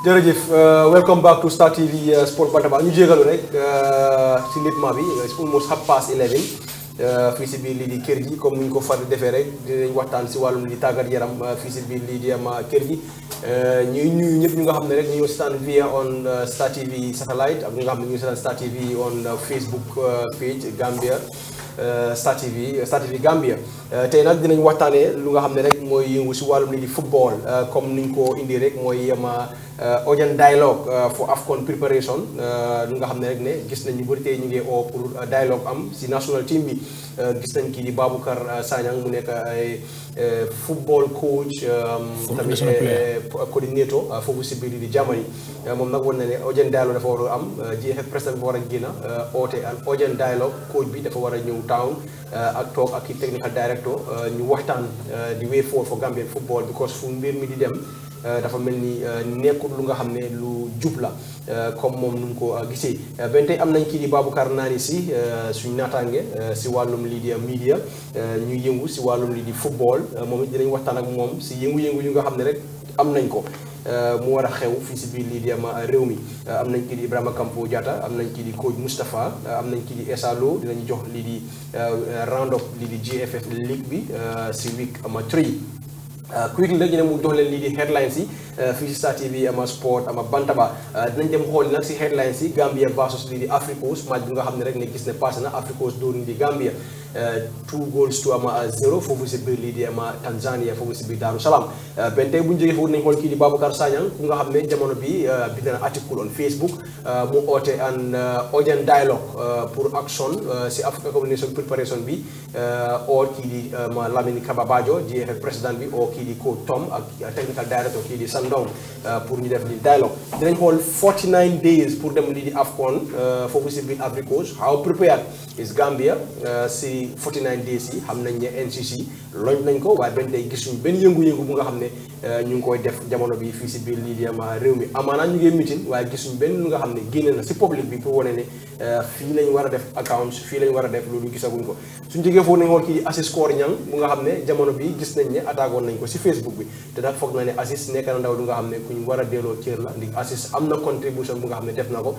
jërëjëf euh, welcome back to Star TV euh, Sport Bantamba ñu jégalu rek euh, ci litement bi it's almost half past 11 fii si biir lii di kër gi comme ni ñu ko far defee rek dinañ waxtaan si wàllum li tàggat yaram fii si biir lii di am kër gi ñuy ñuy ñëpp ñu nga xam ne rek ñu ngi seetaan via on Star TV satellite ak ñu nga xam ne ñu ngi seetaan Star TV on Facebook page Gambia Star TV Star TV Gambia tey nag dinañ waxtaanee lu nga xam ne rek mooy si wàllum lii di football comme ni ko indi rek mooy yema Euh, audience dialogue euh, for AFCON preparation lu euh, nga xam ne rek ne gis nañ ñu bëri ñu ngi oo pour am si national team bi gis nañ kii di Baboucar Sagnang mu nekk football coach. tamit coordinator foofu si biir di Germany moom nag woon na ne audience dialogue dafa war am jeexit président bi war a génn oote an audience dialogue coach bi dafa war a ñëw town ak toog ak i technical director ñu waxtaan di way forward for Gambian football because fu mbir mi di dem. Euh, dafa mel ni euh, nekkul lu nga xam ne lu jub la euh, comme moom nu mu ko gisee benn tey am nañ kii di Baboucarr Nani si suñ naataange si wàllum lii di media ñu yëngu si wàllum lii di football moom it dinañ waxtaan ak moom si yëngu-yëngu yu nga xam ne rek am nañ ko. mu war a xew fii si biir lii di am réew mi am nañ kii di Ibrahima Kampo Diatta am nañ kii di coach Moustapha am nañ kii di Essa Lo jox lii di round up lii di GFF league bi si week ama 3 quick la ñu ne mu jox leen lii di headlines yi euh, fii si Star TV ama sport ama bantaba euh, dinañ dem xool nag si headlines yi Gambia versus lii di Africos match bi nga xam ne rek ne gis ne passé na Africos dóor di Gambia Eh, two goals to ama eh, zero foofu si biir lii di ama Tanzania foofu si biir Daaru Salaam eh, benn tey bu ñu jógee foofu nañ xool kii di Babacar Sagnang ku nga xam ne jamono bi bind na on Facebook mu oote an audience dialogue pour action si Africa communication preparation bi oo kii di ma Lamine Kababajo di président bi kii di ko Tom ak technical director kii di Sandong pour ñu def lii dialogue dinañ xool 49 days pour dem lii di AFCON foofu si biir Afrique how prepared is Gambia ci 49 days yi xam nañ ne NCC loñ nañ ko waaye bañ tey gisuñu benn yëngu-yëngu bu nga xam ne euh, ñu ngi koy def jamono bi fii si biir lii di ama réew mi amaanaa ñu ngi meeting nga xam ne génne na si public bi pour wane ne euh, fii lañ war a def accounts fii lañ war a def loolu gisaguñ ko suñ jógee foofu nañ nga xam ne jamono bi gis nañ ne attaquoon nañ ko si Facebook bi te nag foog na ne Aziz nekk na ndaw lu nga xam ne kuñ war a delloo cër la am na contribution bu nga xam ne def na ko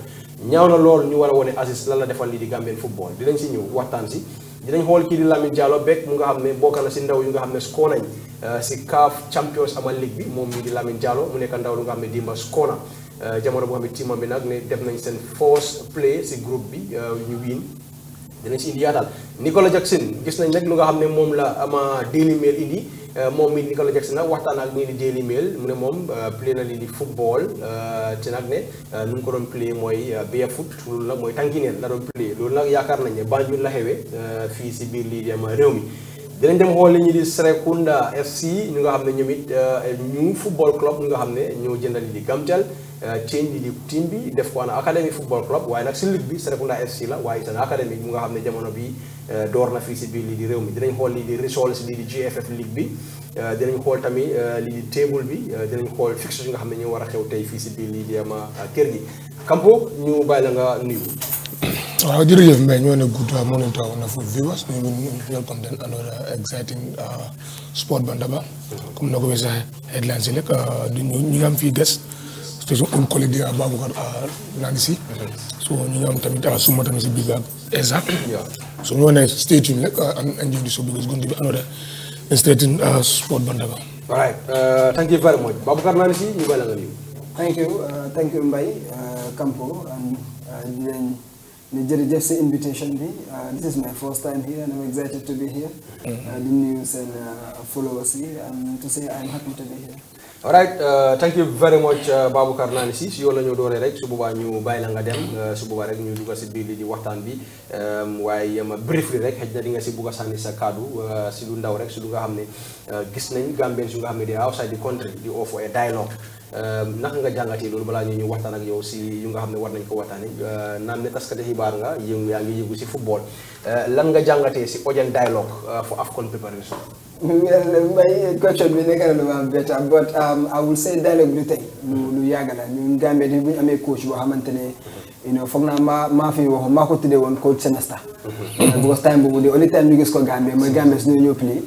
ñaaw na lool ñu war a wone Aziz lan la defal lii di Gambian football si dinañ xool kii di Lamine jaalo Beck mu nga xam ne bokk na si ndaw yu nga xam ne score nañ si euh, CAF Champions Amal League bi moom mii di Lamine jaalo mu nekk ndaw lu nga xam ne dimba score na euh, jamono boo xam ne tiimam bi nag ne def nañ seen force play si groupe bi euh, ñu wiin dinañ si indi yaatal Nicolas Jackson gis nañ rek lu nga xam ne moom la ama Daily Mail indi Euh, moom mi Nicolas Jackson nag waxtaan ak ñii di Daily Mail mu ne moom euh, play na lii di football euh, ci nag ne nu mu ko doon play mooy barefoot loolu nag mooy tànki neen la doon play loolu nag yaakaar nañ ne Banjul la xewee fii si biir lii dem ama réew mi dinañ dem xool li ñu di Serekunda FC ñu nga xam ne ñoom it ñu football club ñu nga xam ne ñoo jëndal lii di Gamtel change lii di team bi def ko an academy football club waaye nag si ligue bi Serekunda FC la waaye itam academy mu nga xam ne jamono bii Euh, door na fii si biir lii di réew mi dinañ xool lii di results lii di GFF league bi euh, dinañ xool tamit euh, lii di table bi dinañ xool fixtures yi nga xam ne ñu war a xew tey fii si biir lii di ama kër gi Kampo ñu bàyyi la nga nuyu. waaw jërëjëf Mbaye ñu ne good morning to our wonderful viewers ñu ngi welcome then another exciting sport bandaba comme na di ñu ñu ngi am fii des station un so ñu ngi am tamit a ah, summa tamit si big bag exactly yeah so ñu ne stay tuned like uh, ah, and enjoy the show because it's going to be another interesting uh, ah, sport bandaga all right uh, thank you very much Baboucarr Nancy ñu bàyyi la nga nuyu thank you uh, thank you Mbaye uh, Kampo and then di si invitation bi this is my first time here and I'm to be here mm-hmm. di nuyu seen followers yi and to say I'm happy to be here alright uh, thank you very much uh, Baboucar Nani si si yow la ñu dooree rek su boobaa ñu bàyyi la nga dem uh, su boobaa rek ñu dugga si biir li di waxtaan bi um, waaye yama um, briefly rek xëj na di nga si bugg a sànni sa kaddu si lu ndaw rek si lu nga xam ne gis nañ Gambien su nga xam ne di outside the country di offer a dialogue um, naka nga jàngatee loolu balaa ñu ñu waxtaan ak yow si yu nga xam ne war nañ ko waxtaane naan ne taskati xibaar nga yëngu yaa ngi yëngu si football lan nga jàngatee si audience dialogue for AFCON préparation my question bi nekk na lu ma bett but um, I will say dialogue du tey lu lu yàgg la ñun Gambie bi bu ñu amee coach boo xamante ne you foog naa maa maa fi waxoon maa ko woon coach semester mhm. because time boobu de only time ñu gis ko Gambie mooy Gambie su ñu ñëw pli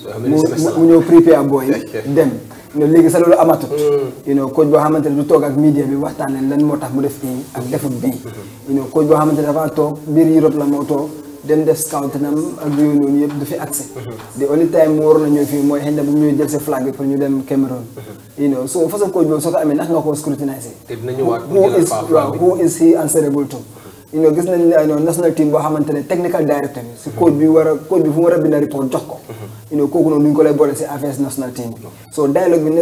mu ñëw prepare booy dem no léegi sa loolu amatut mm. you know coach boo xamante ne du toog ak media bi waxtaan leen lan moo tax mu def ii ak defut bii mm-hmm. you know coach boo xamante ne dafa toog biir Europe la moo toog dem def scoutinam ak yooyu noonu yëpp du fi accès. Mhm. the only time mu waroon a ñëw fii mooy xëy bu ñu ñëw jël sa flag bi pour ñu dem Cameroon. Mhm. you know façon coach boobu soo ko amee ndax nga koo scrutiniser. te dinañu waat mu jël faa waaw who is he answerable to. boo xamante ne technical director bi. si coach ko. Mhm. you know kooku noonu duñ ko lay nekk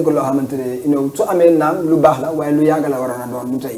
loo xamante ne you know amee naam lu baax la waaye lu yàgg la war a doon bu tey.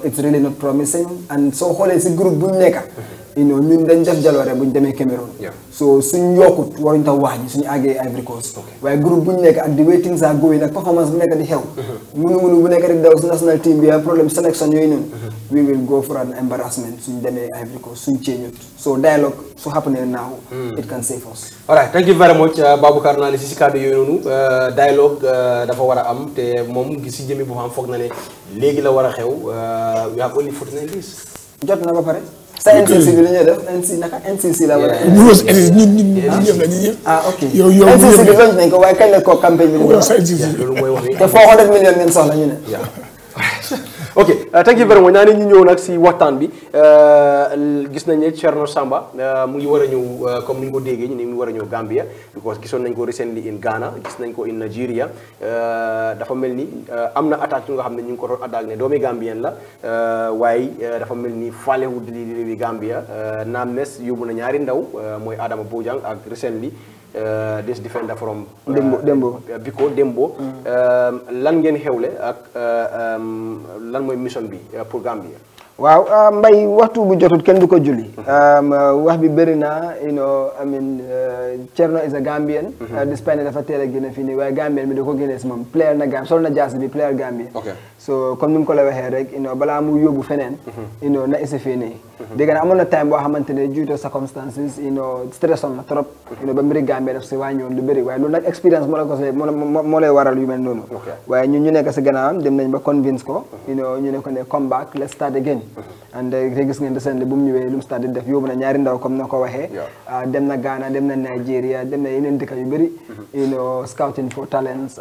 it's really not promising and soo xoolee si groupe bu ñu nekka you know ñun dañ def jaloore bu ñu demee Cameroon. so suñ yokkut waruñ tax wax ji suñu àggee Ivory Coast. waaye groupe bu ñu nekk ak di waiting are going ak performance bu nekk di xew. Mm-hmm. munu munu bu nekk di daw si national team bi problème sélection yooyu noonu. Mm-hmm. we will go for an embarrassment suñ demee Ivory Coast suñ ceeñut so dialogue su happening now. Mm. it can save us. all right thank you very much uh, Baboucarr naa ne si si kàddu yooyu noonu uh, dialogue uh, dafa war a am te moom gi si jëmi bu xam na ne léegi la war a xew we have only na ba pare. sa NCC bi la ñuy def NCC naka NCC la wala. NCC ñun ñun ñëpp la ñun ñëpp. ah ok yow yow NCC bi bañ nañ ko waaye kañ la ko campagne bi. loolu mooy wax te foo ko def million ngeen soxla ñu ne. ok euh, thank you very much naa ne ñu ñëw nag si waxtaan bi euh, gis nañ ne Cherno Samba euh, mu ngi war a ñëw comme ni ñu ko déggee ñu ne mu war a ñëw Gambia because gisoon nañ ko recently in Ghana gis nañ ko in Nigeria dafa mel ni am na attaque yu xam ne ñu ngi ko doon attaque ne doomi Gambien la waaye dafa mel ni faalewu di réewi Gambia naam nes yóbbu na ñaari ndaw mooy Adama Bojang ak recently this euh, defender from. demboo Dembo euh, euh, Biko Dembo. Mm. lan ngeen xewle ak lan mooy mission bi pour Gambia. waaw mbay waxtu bu jotul kenn du ko julli. Mm-hmm. wax bi bëri na you know I mean Cherno is a Gambian. Mm-hmm. despite ne dafa teel a génne nii waaye Gambian bi da ko génne si moom player na Gambia sol na jaasi bi player Gambia. so comme ni ko la waxee rek you know balaa mhm. na essa fii nii mhm. dégg na time boo xamante ne due to circumstances you know stressoon ma trop mhm. you know ba mbiri Gambie daf si wàññiwoon lu bëri waaye loolu nag expérience moo la waral yu mel noonu waaye ñun ñu nekk si gannaawam dem nañ ba convince ko you know ko ne come back let's start again and te eh, gis ngeen recently bu mu ñëwee lu mu start def yóbbu na ñaari ndaw comme na ko waxee ah, dem na Ghana dem na Nigeria dem na yeneen dëkk yu bëri you scouting for talents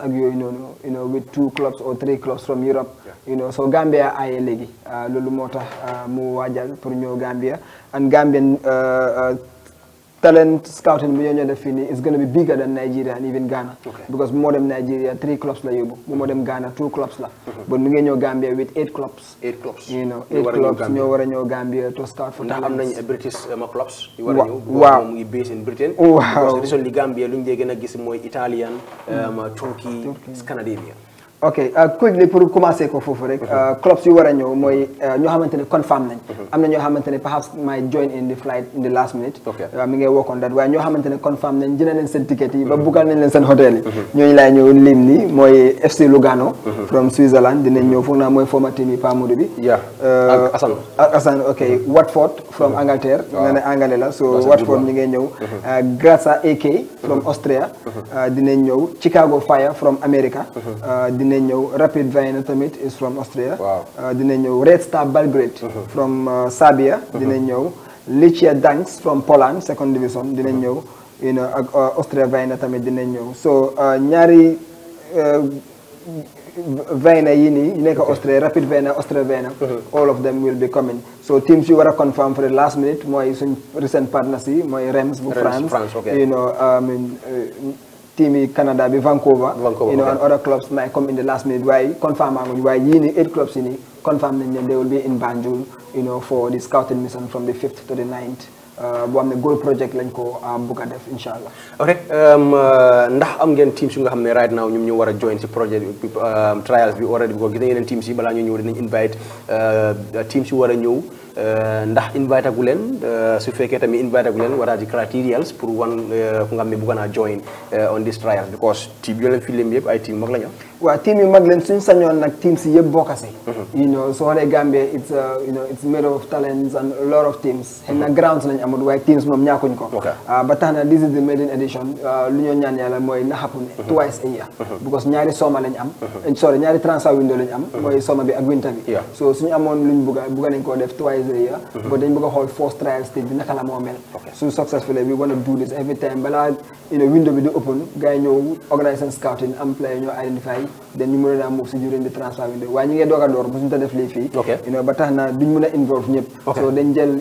you know so Gambia aaye léegi ah, loolu moo tax ah, mu waajal pour ñëw Gambia and Gambian ah, talent scouting bu ñoo ñoo def fii nii is gonna be bigger than Nigeria and even Ghana. because bu moo dem Nigeria three clubs la yóbbu moo dem Ghana two clubs la. Mm-hmm. bon mu ngi ñëw Gambia with eight clubs. eight clubs you know ñoo war a ñëw Gambia to scout for talent. am nañu British eh, clubs. yu waaw mu ngi based in Britain. waaw because Gambia lu ñu gën a gis mooy Italian. Eh, Turkey Scandinavia. ok euh, kuy léegi pour commencer ko foofu rek mhm. euh, clubs yu war a ñëw mooy mhm. euh, ñoo xamante ne confirm nañ mhm. am na ñoo xamante ne perhaps may join in the flight in the last minute mi ngay work on waaye ñoo xamante confirm nañ jënd nañ seen ticket yi ba buggal nañ leen seen hôtel yi ñëw lim ni mooy FC Lugano from Switzerland dinañ ñëw foog naa mooy former team yi Pa bi ak Watford from Angleterre ah. nga ne anglais la so Watford ñi ngay ñëw Graza AK from Austria dinañ ñëw Chicago Fire from dinañ ñëw Rapid Vienna tamit is from Austria. waaw euh, dinañ ñëw Red Star Belgrade. Uh-huh. from euh, Serbia. Uh-huh. dinañ ñëw Lichia Danks from Poland second division dinañ uh-huh. ñëw. you euh, know ak Austria Vienna tamit dinañ ñëw so ñaari Vienna yi nii nekk Austria Rapid Vienna Austria Vienna. all of them will be coming. so teams yu war a confirm for the last minute mooy recent partners mooy Reims bu France you know um, team i Canada bi Vancouver Vancouver you know and other clubs might come in the last minute waaye confirm aanguñu waaye yii nii eight clubs yi nii confirm nañ ne they will be in Banjul you know for the scouting mission from the 5th to the 9th uh, boo xam ne goal project lañ ko uh, bëgg a def incha allah. Um, uh, ndax am ngeen teams yu nga xam ne right now ñoom ñu war a join si projet bi um, trials bi already bi ko si nañ yeneen teams yi balaa ñu ñëw dinañ invite teams yu war a ñëw. Euh, ndax invite agu leen euh, su fekkee tamit invite agu leen what are the pour wan euh, ku nga xam ne bëgg naa join on this trial because team yoo leen fi lim yëpp ay team mag la ñu waaw team yi mag leen suñu sañoon nag team si yëpp bokkase mhm. you know soo waxee Gambia it's uh, you know of talents and a lot of teams xëy na mhm. grounds lañ amul waaye teams moom ah, na this ah, mhm. a year because ñaari sooma lañ am eh, sorry ñaari transfer window lañ am mooy sooma bi ak winter bi so suñu amoon luñ bugga bugga nañ koo def twice a year ba dañ bëgg a xool first trial stage bi naka la moo mel suñu successful we want to do this every time balaa window bi di open gars ñëw organise scouting am player ñoo identify then ñu mën a naa move si during the transfer window waaye ñu ngee doog a door mosuñu ta def lii fii ba tax na duñ mën a involve ñëpp so dañ jël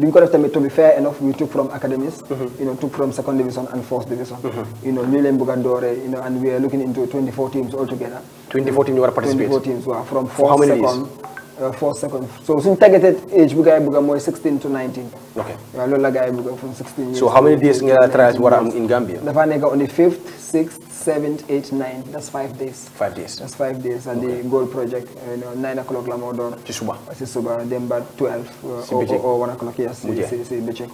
duñ ko def tamit to be fair enough we took from academies mhm. took from second division and first division mhm. ñu leen bëgg a and we are looking into 24 teams altogether 24 teams teams waaw from first second Uh, four seconds so suñu targeted age bu gars yi bëgg to 19. ok waaw loolu la from so how many days nga trials war a am in Gambia. dafa nekk on the 5th 6th that's 5 days. 5 days that's 5 days at the gold project. 9 uh, o'clock la moo door. ci suba ci suba dem ba 12. Uh, o'clock yes si si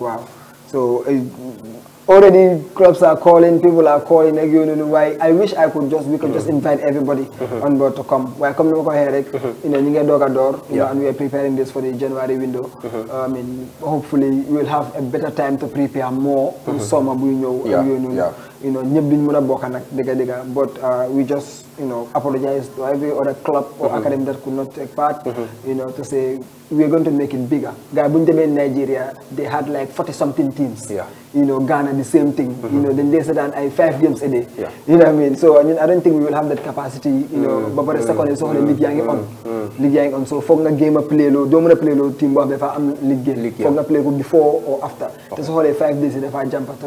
So it, eh, already clubs are calling, people are calling, like, you why I wish I could just, mm-hmm. invite everybody mm-hmm. on board to come. Why come to here, like, you know, you get dog a door, you and we are preparing this for the January window. Mm-hmm. I mean, hopefully we'll have a better time to prepare more on summer, you know, yeah. you know, yeah. you know, but uh, we just you know, apologize to every other club or mm -hmm. academy that could not take part, mm-hmm. you know, to say going to make it bigger. Guy Bunjame in Nigeria, they had like 40 something teams. Ghana, the same thing. Mm-hmm. then they said I five games a day. Yeah. You know what I I mean, I don't think we will have that capacity, you know, but for the second is only league yang on. Mm-hmm. League yang on. So for a game play low, don't want to play low team but if I'm league game. League, yeah. For play before or after. Okay. That's only five days I jump at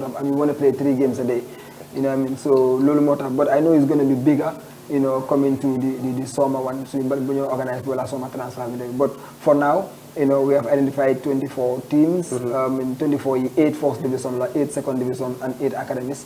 a day. you know, coming to the, the, the summer one, so but we organize well as summer transfer today. But for now, you know, we have identified 24 teams, mm -hmm. um, in first division, 8 second division, and 8 academies.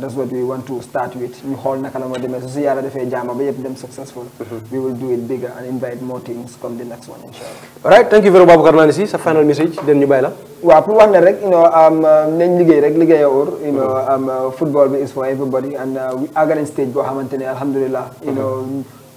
that's what we want to start with ñu xool naka la moo demee su si yàlla defee jaama ba yëpp dem successful mhm. we will do it bigger and invite more teams comme the next one inshallah all right thank you very much Baboucarr Nandy Sy sa final message den ñu bàyyi la waaw pour wax ne rek um, nañ liggéey rek liggéey a mhm. um, football bi is for everybody and uh, we are going stage boo xamante alhamdulillah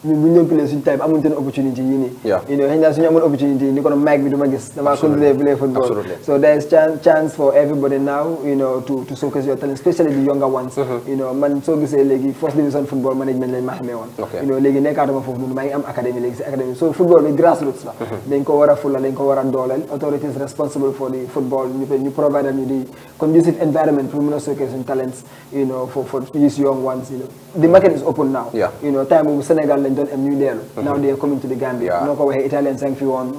ñun bu ñu leen play suñu type amuñu seen opportunity yii nii you know xëy na suñu amoon opportunity ni kono mic bi du ma gis dama continuer play football so there is chance chance for everybody now you know to to showcase your talent especially the younger ones mm-hmm. you know man soo gisee léegi first division football management lañ ma xamee woon you know léegi nekkaatuma foofu noonu maa ngi am académie léegi si académie so football bi grassroots la mm-hmm. dañ ko war a fula dañ ko war a dooleel authorities responsible for the football ñu provide ñu di conducive environment pour mën a showcase suñu talents you know for for these young ones you know the market is open now you know time boobu Sénégal lañ don en ñuyɗeelo mhm. nawde community de gambia no ko waye italien sang fi mhm.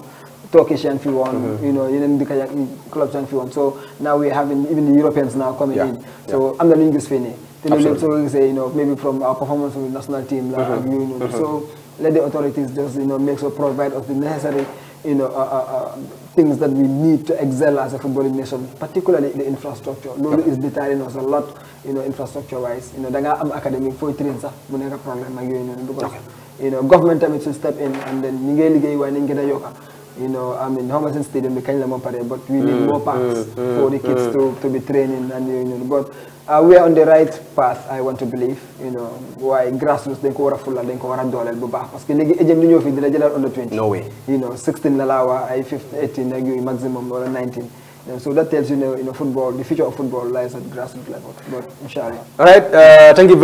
now we're having even Europeans now coming in. So the linguist Fini. So say, you maybe from our performance with national team, like, mm mhm. so let the authorities just, make sure provide us the necessary, uh, uh, uh, things that we need to excel as a footballing nation, particularly the infrastructure. Lulu is deterring us a lot, you know, infrastructure-wise. You know, the academic for train, problem, you know, you know government tamit should step in and then ñi liggéey waaye nañ gën a yokka you know I bi kañ la moom pare but we need more mm, parks mm, mm, for the kids to be training and yooyu noonu but uh, we are on the right path I want to believe you know waaye grassroots dañ ko war a fulal dañ ko war a dooleel bu baax parce que léegi éjëm li ñëw fii dina jëlal under 20 no way you know 16 la laa waa ay 15 18 ak yooyu maximum wala 19 so that tells you, you know, football, the future of football lies at grassroots level. But inshallah. All right. Uh, thank you Si.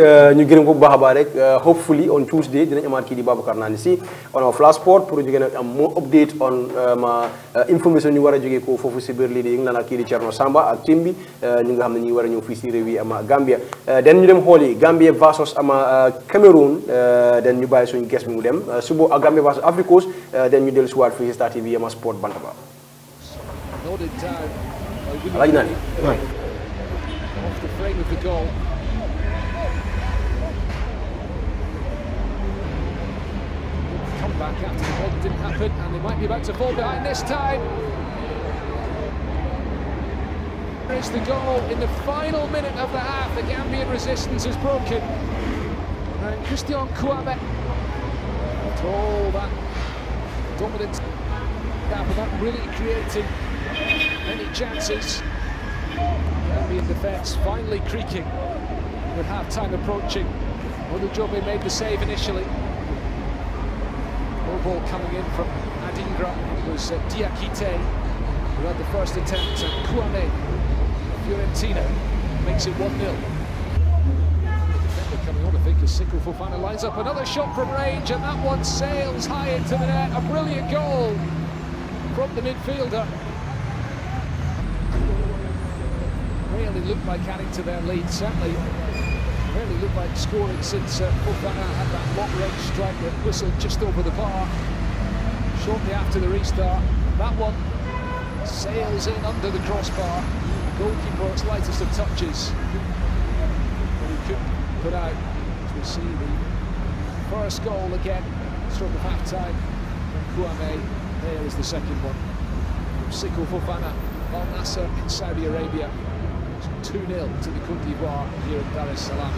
Uh, ñu gërëm ko bu baax a baax rek uh, hopefully on Tuesday dinañ amaat kii di Babacar Nani Si on our flash sport pour ñu gën a information ñu war a jógee ko foofu si biir lii di naan kii di Thierno Samba ak team uh, ñu nga xam ne ñu war a ñëw fii si réew yi ama Gambia. den ñu dem xooli Gambia versus ama Cameroon den ñu bàyyi suñu guest bi mu dem suba Gambia waat fii si Star TV ama sport Bantaba. Alaaj naa ne back out to the ball, didn't happen, and they might be back to fall behind this time. It's the goal in the final of the half. The Gambian resistance is broken. And Christian Kouame, all that dominance, that, but that many chances. Gambian defence finally creaking with half-time approaching. Odujobe made the save initially. Low ball coming in Adingra. It was uh, the first attempt and Kouane Fiorentina makes it 1-0. Defender coming on, I think, as Sikro Fofana lines up another shot from range and that one sails high into the A brilliant goal from the midfielder. really looked like adding to their lead. Certainly, really looked like scoring since uh, Fofana had that long-range strike that whistled just over the bar shortly after the restart. That one sails in under the crossbar. Goalkeeper, its lightest of touches. But he couldn't put out. As we see the first goal again, stroke of half-time from Kouame. There is the second one. Siko Fofana, Al Nasser in Saudi Arabia. 2-0 to the Côte d'Ivoire here at Dar es Salaam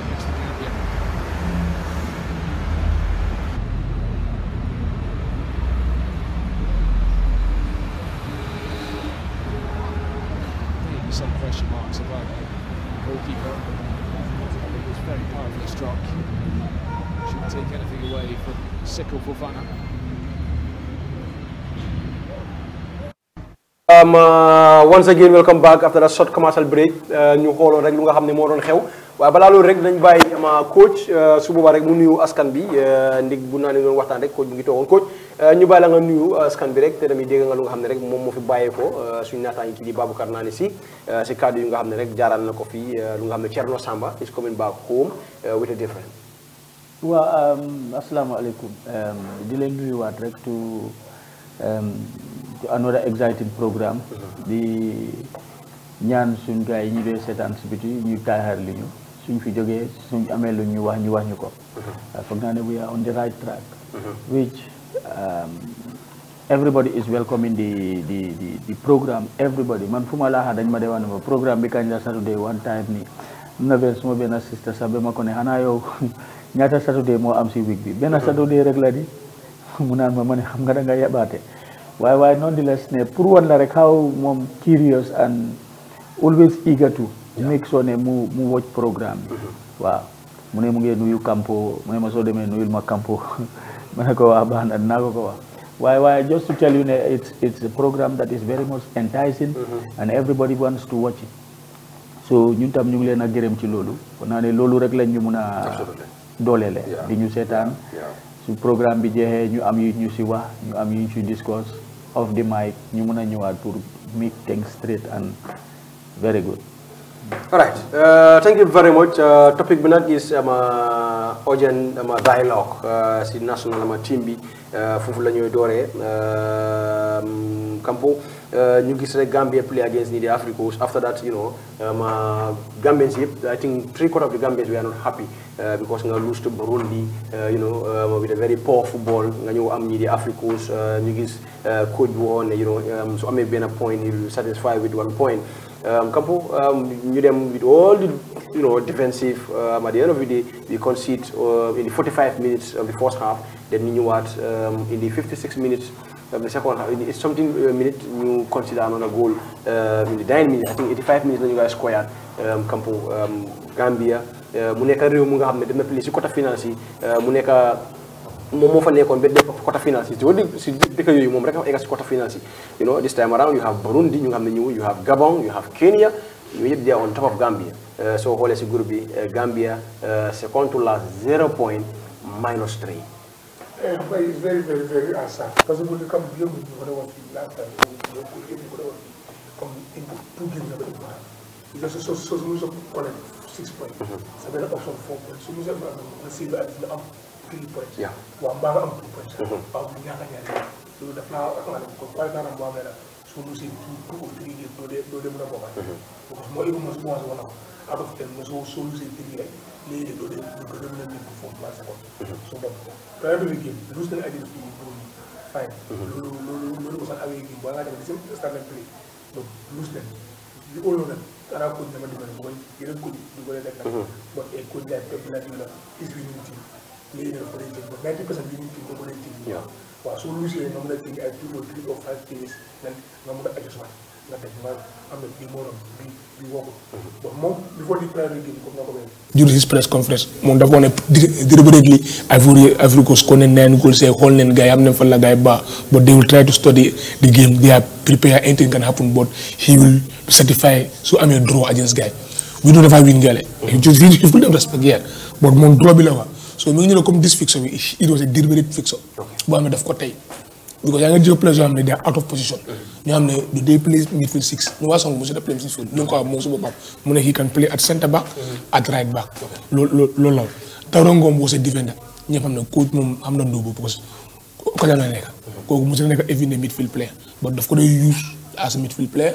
Um, uh, once again welcome back after a short commercial break euh, ñu xooloon rek lu nga xam ne moo doon xew waaye balaa loolu rek dañ bàyyi ama euh, coach euh, su boobaa rek mu nuyu askan bi ndig bu naa ne doon waxtaan rek coach mu ngi toogoon coach ñu bàyyi la nga nuyu askan bi rek te tamit dégg nga lu nga xam ne rek moom moo fi bàyyeekoo suñu naataangi kii di naa Nané si si kàddu yi nga xam ne rek jaaral na ko fii lu nga xam ne Thierno Samba is coming back home with a difference waaw um, asalaamaaleykum um, di leen nuyuwaat rek um, another exciting programme mm-hmm. di ñaan suñ gars yi ñu dee seetaan si biti ñu taaxaar li ñu suñ fi jógee suñ amee lu ñu wax ñu wax ñu ko mm-hmm. foog naa ne we are on the right track mm-hmm. which um, everybody is welcoming the the the, programme everybody man fu ma laaxaa dañ ma dee wax ne ma programme bi kañ la saturday one time ni am na benn suma benn sister sax ba ma ko ne xanaa yow ñaata saturday moo am si week bi benn saturday rek la di mu naan ma ma ne xam nga da nga waaye waaye nonetheless ne pour wan la rek how moom curious and always eager to make sure ne mu mu watch programme mm-hmm. bi waaw mu ne mu ngi nuyu Kampo mu ne ma soo demee nuyul ma Kampo ma ne ko waa baax na naa ko ko wax waaye waaye just to tell you ne it's it's a program that is very much enticing mm-hmm. and everybody wants to watch it so ñun tam ñu ngi leen a gërëm ci loolu kon naa ne loolu rek lañ ñu mun a dooleele di ñu seetaan su programme bi jeexee ñu am yu ñu si wax ñu am yu off the mic ñu mën a ñëwaat pour meet things straight and very good All right. Uh, thank you very much. Uh, topic binat is um, uh, urgent um, dialogue. si national um, team bi uh, lañuy la ñoy doré campo um, uh, ñu gis rek Gambia play against Nidia Africos after that you know um, uh, Gambians I think three quarter of the Gambians we are not happy uh, because nga lose to Burundi uh, you know um, with a very poor football nga ñëw am Nidia Africos uh, ñu gis uh, coach bu woon ne you know um, su amee point you satisfy with one point Um, um, ñu um, you them with all the you know defensive um, at the end of the day, we concede uh, in the 45 minutes of the first half. Then you what um, minutes It's something uh, minute you consider another goal um, in the 9 minutes. I think 85 minutes you guys scored. Um, Gambia, uh, mu nekk réew mu nga xam ne dem na play si quota final si uh, mu nekk moom moo fa nekkoon ba def quota finance yi si wàllu si dëkk yooyu moom rek a egg si quota finance yi you this time around you have Burundi ñu nga xam ne ñu you have Gabon you have Kenya yooyu yëpp they are top of Gambia soo xoolee si groupe bi Gambia c'est contre la zero point minus three. it's very very very sad parce que bu comme yëngu ñu ko soo soo soo six point. three points. Yeah. waaw mbaa nga am two points. waaw bu ñàkk a ñaari loolu daf naa maanaam comme par exemple boo amee la sunu si two two or three years doo dee doo dee mën a bokk. parce que mooy énu mos mos wala ko out of ten mosoo sunu si three rek léegi doo dee du ko doon leen nekk foofu par seconde. su bopp premier bi game lose nañ identity bi boobu fine. loolu loolu loolu aussi away game boo nga dem di si start and play donc lose nañ li óoloo nag xanaa coach dama dugal bu koy yeneen coach dugalee rek nag bon et coach laay pep la is winning team million for instance, but 90% didn't think of anything. Yeah. Wow, so usually I'm going to think I two or mm-hmm. press conference moom dafa wax ne deliberately Ivory Ivory Coast ko ne neen goal say xool neen gars yi am nañ fan la gars yi baax but they will try to study the game they are prepared anything can happen but he will certify su amee draw against gars yi we don't win gale mm-hmm. he just dem respect yeah but moom draw bi la wax so mi ngi ñu comme disfiction bi a boo xam ne daf ko tey because yaa ngi jël players yoo xam ne they are out of position ñoo xam ne du day play midfield six ñu waa song mu mu ne he play at centre back at right back loolu loolu la Taro Ngom was a defender ñëpp xam ne coach moom xam na ndóobu parce que ko kooku mu su nekk every midfield player but daf ko dee use as midfield player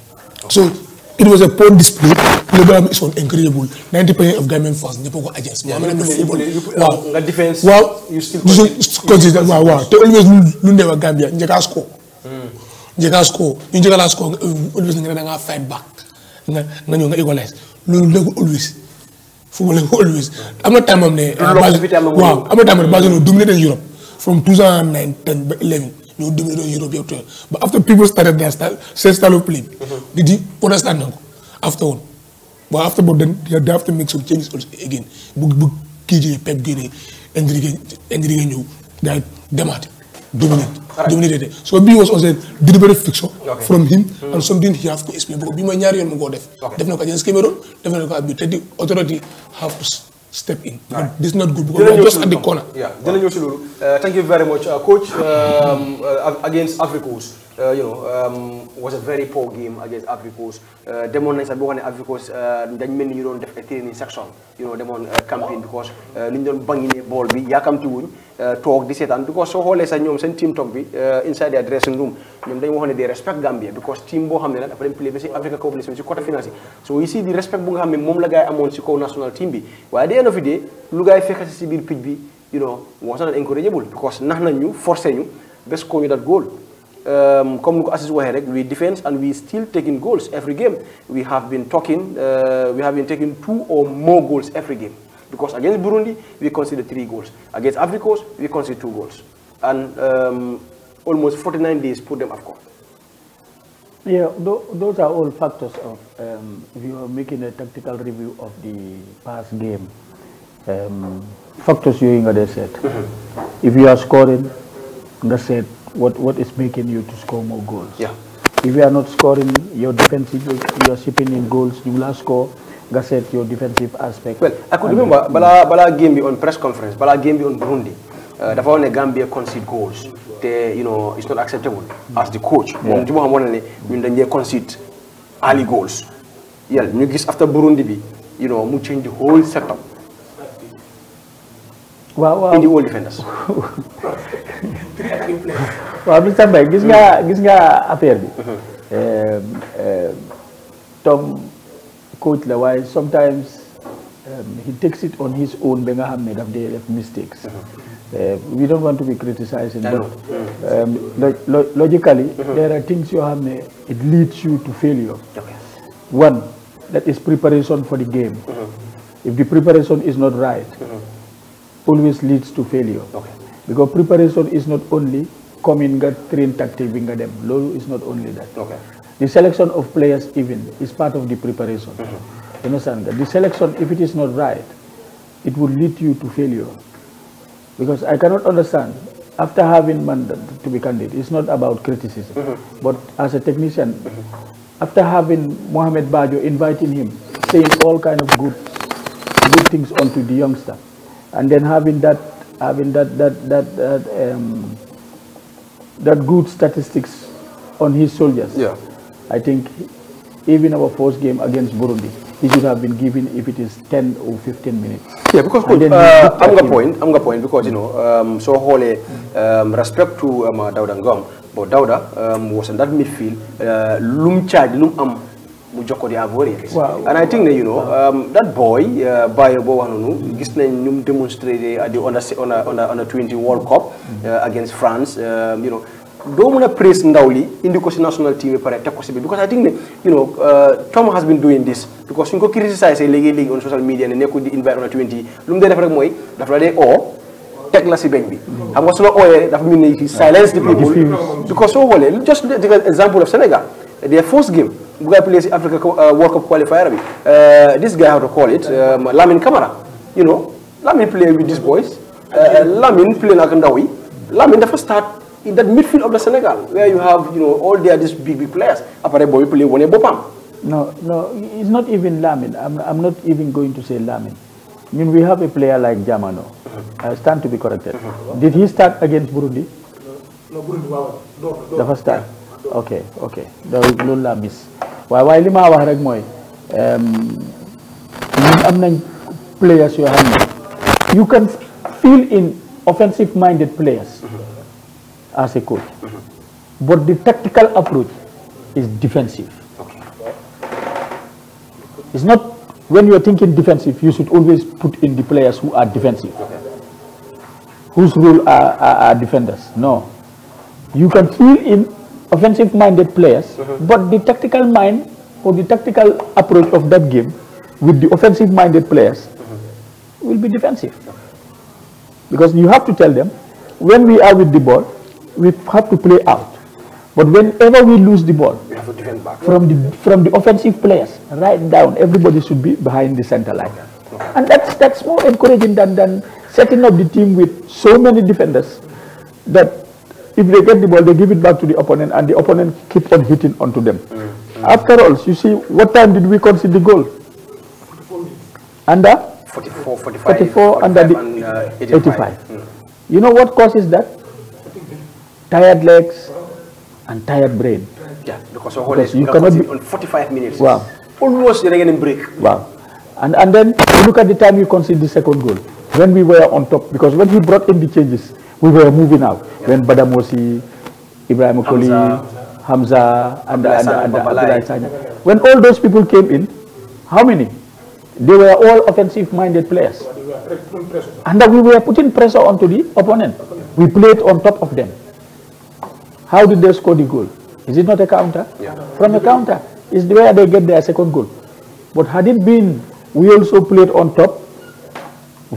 So it was a poor display. Lebanon is on incredible. 90% of Gambian fans never got agents. Yeah, you play, football. You play, wow. The defense, wow. you still consider. Wow, wow. They always lose never Gambia. You can score. You hmm. can score. You can score. Um, always you can fight back. Nga nga nga equalize. Lulu never always. Football never always. I'm not time I'm there. Wow. I'm not time I'm Europe from ñoo dominer Europe yëpp tey but after people started their style their style of playing. Mhm. di di understand na ko after woon but after boobu then they have make some changes also again bu bu kii jëlee Pep génnee Enrique Enrique ñëw daal demaat dominate dominate so bii was also deliberate fiction from him hmm. and something he have to explain boobu mooy ñaari yoon mu ko def. def na ko against Cameroon def na ko ak bi te di step in. Right. But this is not good because we're just at the corner. Yeah, Dylan wow. Uh, thank you very much. Uh, coach, um, uh, against Africos, uh, you know, um, was a very poor game against Africos. Uh, Demon nañ sax boo xam ne Africos uh, dañ mel ni ñu doon def training section, you know, demoon campaign because li ñu doon bangi ne ball bi yaakamti wuñ Euh, toog di seetaan because soo xoolee sax ñoom seen team talk bi euh, inside their dressing room ñoom dañu waxoon ne they respect Gambia because team boo xam ne nag dafa dem play ba si Africa Cup bi si côté finance xam ne la gars yi amoon si national team bi waaye di end of the day lu gars yi fekk si biir pitch bi you know was not encourageable because nax nañ ñu forcé ñu ba score ñu that goal um, comme ni ko Assis waxee rek we defense and we still taking goals every game we have been talking uh, Because against Burundi, we conceded three goals. Against Africos, we conceded two goals. And um, almost days put them off Yeah, those are all factors um, if you are making a tactical review of the past game, um, factors you nga they said. Mm -hmm. If you are scoring, nga said what, is making you to score more goals. If you are not scoring, your defensive, you are shipping in goals, you will score. nga seet yow defensive aspect. well ak balaa game bi on press conference balaa game bi on Burundi euh, dafa wax ne Gambia concede goals te it's not acceptable as the coach. moom ci moo xam ne ñun dañ dee concede early goals. yàlla ñu gis after Burundi bi mu change the whole setup. waaw waaw indi whole gis nga gis affaire bi. Mm-hmm. Euh, euh, coach la waaye sometimes um, he takes it on his own ba nga xam ne daf dee def mistakes. Um, we don't want to be criticizing. but um, lo lo logically. Mm-hmm. there are things yoo xam ne it leads you to failure. Okay. one that is preparation for the game. Mm-hmm. if the preparation is not right. Mm-hmm. always leads to failure. Okay. because preparation is not only coming nga train tactique bi nga dem loolu is not only that. The selection of players even is part of the preparation. Mm -hmm. understand that? The selection, if it is not right, it will lead you to failure. Because I cannot understand, after having Mandan, to be candid, it's not about criticism. Mm-hmm. But as a technician, mm after having Mohamed Bajo inviting him, saying all kind of good, good things onto the youngster, and then having that, um, good statistics on his soldiers. I think even our first game against Burundi, he should have been given if it is 10 or 15 minutes. Yeah, because coach, uh, I'm going point, I'm going point because you know, um, so wholly um, respect to um, uh, Dauda Ngom, but Dauda um, was in that midfield, uh, lum charge, lum am. Mujoko de Ivorians. Wow. And I think that, you know, um, that boy, uh, by Bowanunu, gis demonstrated at the under, under, under 20 World Cup mm-hmm. uh, against France. Um, you know, doo mën a praise ndaw li indi ko si national team bi pare teg ko si bi because I think ne you know uh, Tom has been doing this because suñ ko criticiser léegi léegi on social media ne nekkul di invite a 20 lu mu dee def rek mooy dafa la dee oo teg la si beñ bi xam nga su la ooyee dafa mel ni silence the people because soo xoolee just take an example of Sénégal their first game bu play si Africa uh, World qualifier bi uh, this guy how to call it um, Lamine Camara ndaw yi in that midfield of the Senegal where you have you know all their these big big players après boobu play wane boppam. no no it's not even Lamine I'm I'm not even going to say Lamine. I mean, have a player like Jamano. I stand to be corrected. Uh-huh. Did he start against Burundi? No, Burundi waaw no dafa waaye waaye wax rek mooy ñun am nañ you can fill in offensive minded players. are a coach. But the tactical approach is defensive. It's not when you're thinking defensive, you should always put in the players who are defensive. Whose role are, defenders? No. You can fill in offensive minded players, mhm. but the tactical approach of that game with the offensive minded players mhm. will be defensive. Because you have to tell them when we are with the ball, we have to play out. But whenever we lose the ball, we have to defend back. From the from the offensive players, right down, everybody should be behind the center line. And that's that's more encouraging than, setting up the team with so many defenders that if they get the ball, they give it back to the opponent and the opponent keep on hitting onto them. Mm, mm. After all, what time did we concede the goal? Under? the, and, uh, mm. You know what causes that? tired legs and tired brain. Yeah, because, because you cannot be, 45 minutes. Wow. Almost you're getting break. Wow. And, and then look at the time you concede the second goal. When we were on top, because when he brought in the changes, we were moving out. Yeah. When Badamosi, Ibrahim Okoli, Hamza, When all those people came in, how many? They were all offensive-minded players. And that we were putting pressure onto the opponent. We played on top of them. How did they score the goal? Is it not a counter? From a counter, is the they get their second goal. But had it been, we also played on top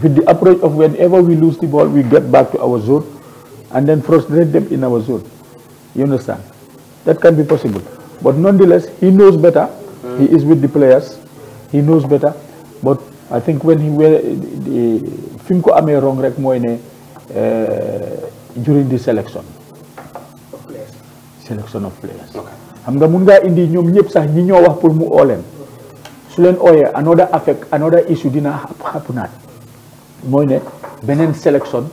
with the approach of whenever we lose the ball, we get back to our zone and then frustrate them in our zone. You understand? That can be possible. But nonetheless, he knows better. Hmm. He is with the players. He knows better. But I think when he were the Fimko amee wrong rek mooy ne eh, during the selection. selection of players xam nga mun ngaa indi ñoom ñëpp sax ñi ñoo wax pour mu oo su leen ooyee another affect another issue dina xappunaat mooy ne beneen selection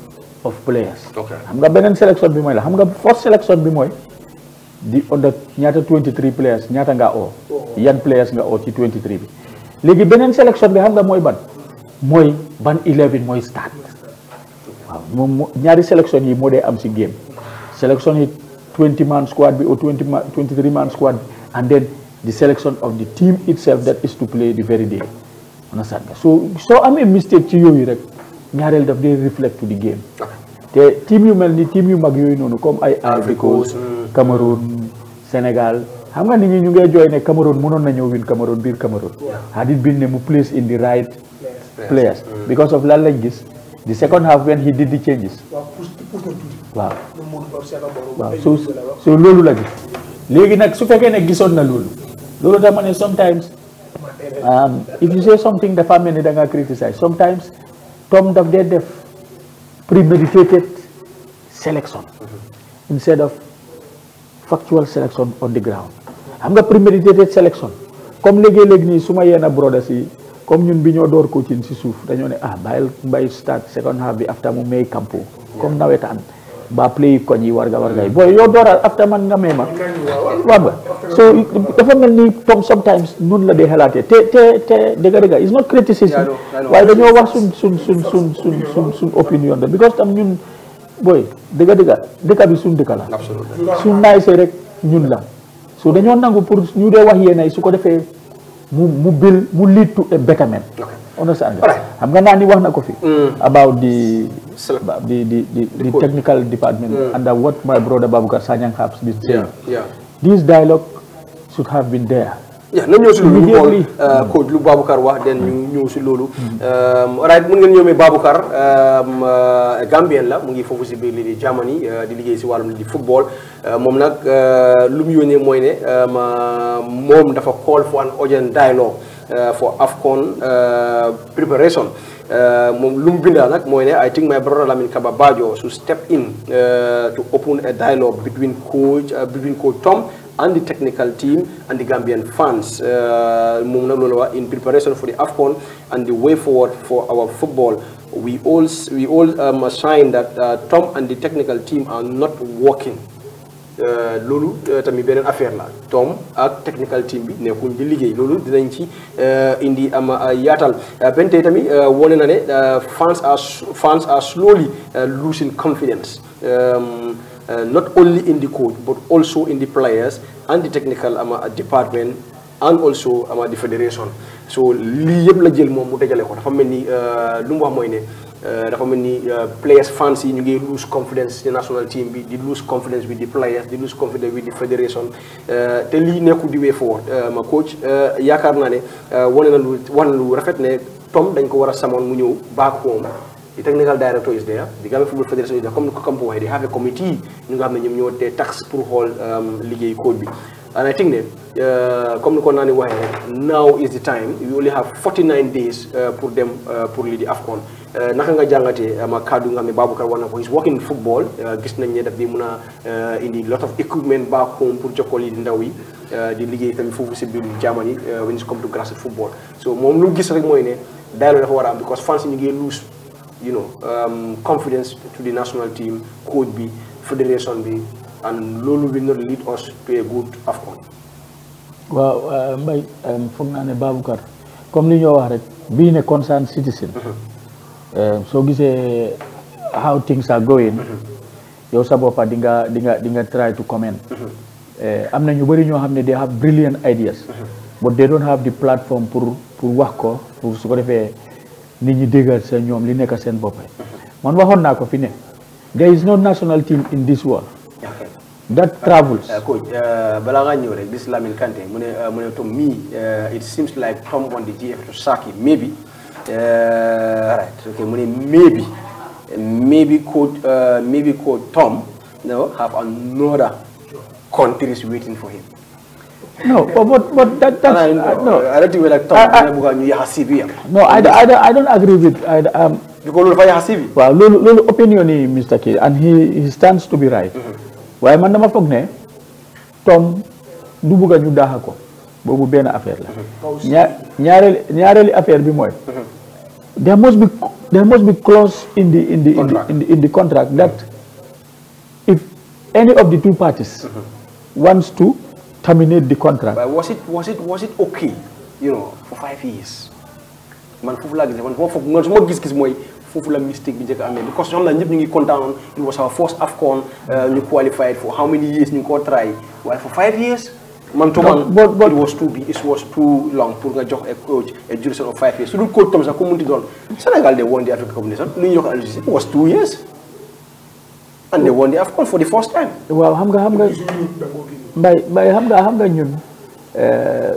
of players xam nga beneen selection bi mooy la xam nga force selection bi mooy di under ñaata 23 players ñaata nga oo yan players nga oo ci 23 bi léegi beneen selection bi xam nga mooy ban mooy ban 11 mooy start waaw ñaari selection yi moo dee am si game selection yi 20 man squad bi or 20 man 23 man squad bi and then the selection of the team itself that is to play the very day so soo amee mistake ci yooyu rek ñaareel daf dee reflect to the game te team yu mel ni team yu mag yooyu noonu comme ay Ivory Coast mm. Cameroun Sénégal xam nga nit ñi ñu ngee jooy ne Cameroun mënoon na ñëw win Cameroun biir Cameroun had it been ne mu place in the right players mm. because of lan lañ gis the second half when he did the changes waaw waaw so so loolu la gis léegi nag su fekkee ne gisoon na loolu loolu da ma ne sometimes um, if you say something dafa mel ni da nga criticize sometimes Tom daf dee def premeditated selection instead of factual selection on the ground xam nga premeditated selection comme léegi-léegi nii su ma yenn brothers si comme ñun bi ñoo door coaching ci suuf dañoo ne ah bàyyil bàyyi start second half bi after mu may campo comme nawetaan ba play koñ yi warga warga yi mm. booy yoo dooral after man nga may ma mm. waaw nga so dafa mel ni Tom sometimes noonu la dee xalaatee te te te dëgg dëgg it's not criticism waaye dañoo wax su suñ suñ suñ suñ suñ suñ opinion da because tam ñun booy dëgg dëgg dëkk bi suñ dëkk la suñ naay see rek ñun la so dañoo nangu pour ñu dee wax yéen ay su ko defee mu mu bil mu lead to a betterment understand nga xam nga naa ni wax na ko fi hmm. about the the the the, the technical department mm. under what my brother Babukar Sanyang has been saying yeah, yeah. this dialogue should have been there yaa na ñëw si loolu ñu xool coach euh, lu Baboucar wax den ñu ñëw si loolu hmm. um, right mën ngeen ñoomee Baboucar um, euh, Gambien la mu ngi foofu si biir lii di Germany euh, di liggéey si wàllum lii di football moom nag lu mu yónnee mooy ne um, moom dafa call for an urgent dialogue Euh, for AFCON euh, preparation. Euh, moom lu mu bindaa nag mooy ne I think my brother Lamin Kaba Bajo should step in to open a dialogue between coach Tom and the technical team and the Gambian fans moom nag loolu wax in preparation for the AFCON and the way forward for our football we all um, sign that uh, Tom and the technical team are not working Euh, loolu euh, tamit beneen affaire la toom ak technical team bi nekkuñ di liggéey loolu dinañ ci euh, indi am yaatal benn tey tamit wone na ne fans are fans are slowly losing confidence not only indi the coach but also indi the players and the technical ama department and also ama the federation so lii yëpp la jël moom mu dajale ko dafa mel ni lu mu wax mooy ne Euh, dafa mel ni euh, players fans yi ñu ngi lose confidence national team bi di lose confidence bi di players di lose confidence bi di fédération euh, te lii nekku di way forward ma coach yaakaar naa ne wane na lu wane na lu rafet ne Tom dañ ko war a samoon mu ñëw baax home the technical director is there the Gambia Football Federation is there comme ni ko Kampo waxee di have a committee ñu nga xam ne ñoom ñoo tee tax pour xool um, liggéey coach naa ni waxee rek now is the pour dem pour lii di AFCON Eh, naka nga jàngatee eh, ma kàddu nga xam ne Baboucarr war na ko he's working football eh, gis nañ ne daf di mun a indi lot of equipment back home pour jokkoo yi ndaw yi di liggéey tamit foofu si biir Germany when it comes to grass football so moom lu gis rek mooy ne dialogue dafa war a am because fans ñu ngi lose you know um, confidence to the national team coach bi loolu will not lead us to a good AFCON. waaw Mbaye foog naa ne Baboucarr comme li ñoo wax rek bii ne concerned citizen. Mm-hmm. Eh, soo gisee how things are going yow sa boppa di nga di nga di nga try to comment eh, am na ñu bëri ñoo xam ne they have brilliant ideas but they don't have the platform pour pour wax ko pour su ko defee nit ñi déggal seen ñoom li nekk seen bopp man waxoon naa ko fi ne there is no national team in this world that travels. Eh, balaa ngaa ñëw rek this mu ne mu ne Tom mii it seems like Tom want the GF to sack Uh, right. Okay, maybe, maybe euh, could, uh, maybe um, opinion ni Mr. and he, stands to be right. Mm-hmm. Waaye man dama foog ne Tom du bëgg ñu daaxa ko boobu benn affaire la. Mm-hmm. ñaareeli ñaareeli bi mooy. Mm-hmm. there must be there must be clause in the in the in the, in the, in the contract that mm -hmm. if any of the two parties mm-hmm. wants to terminate the contract. But was it was for five years man foofu laa gisee man foofu man gis mooy foofu la mistake bi njëkk a amee because xam naa ñëpp ñu ngi kontaan it was our first AFCON uh, ñu qualified for how many years ñu ngi ko try waaye for five years. man to man it was too big it was too long pour nga jox a coach a duration of five years su dul coach tam sax ku munti doon Sénégal de won the Africa Cup of Nations lu ñu jox Aliou Cissé was two years and they won the AFCON for the first time. waaw xam nga xam nga mbay mbay xam nga xam nga ñun eh,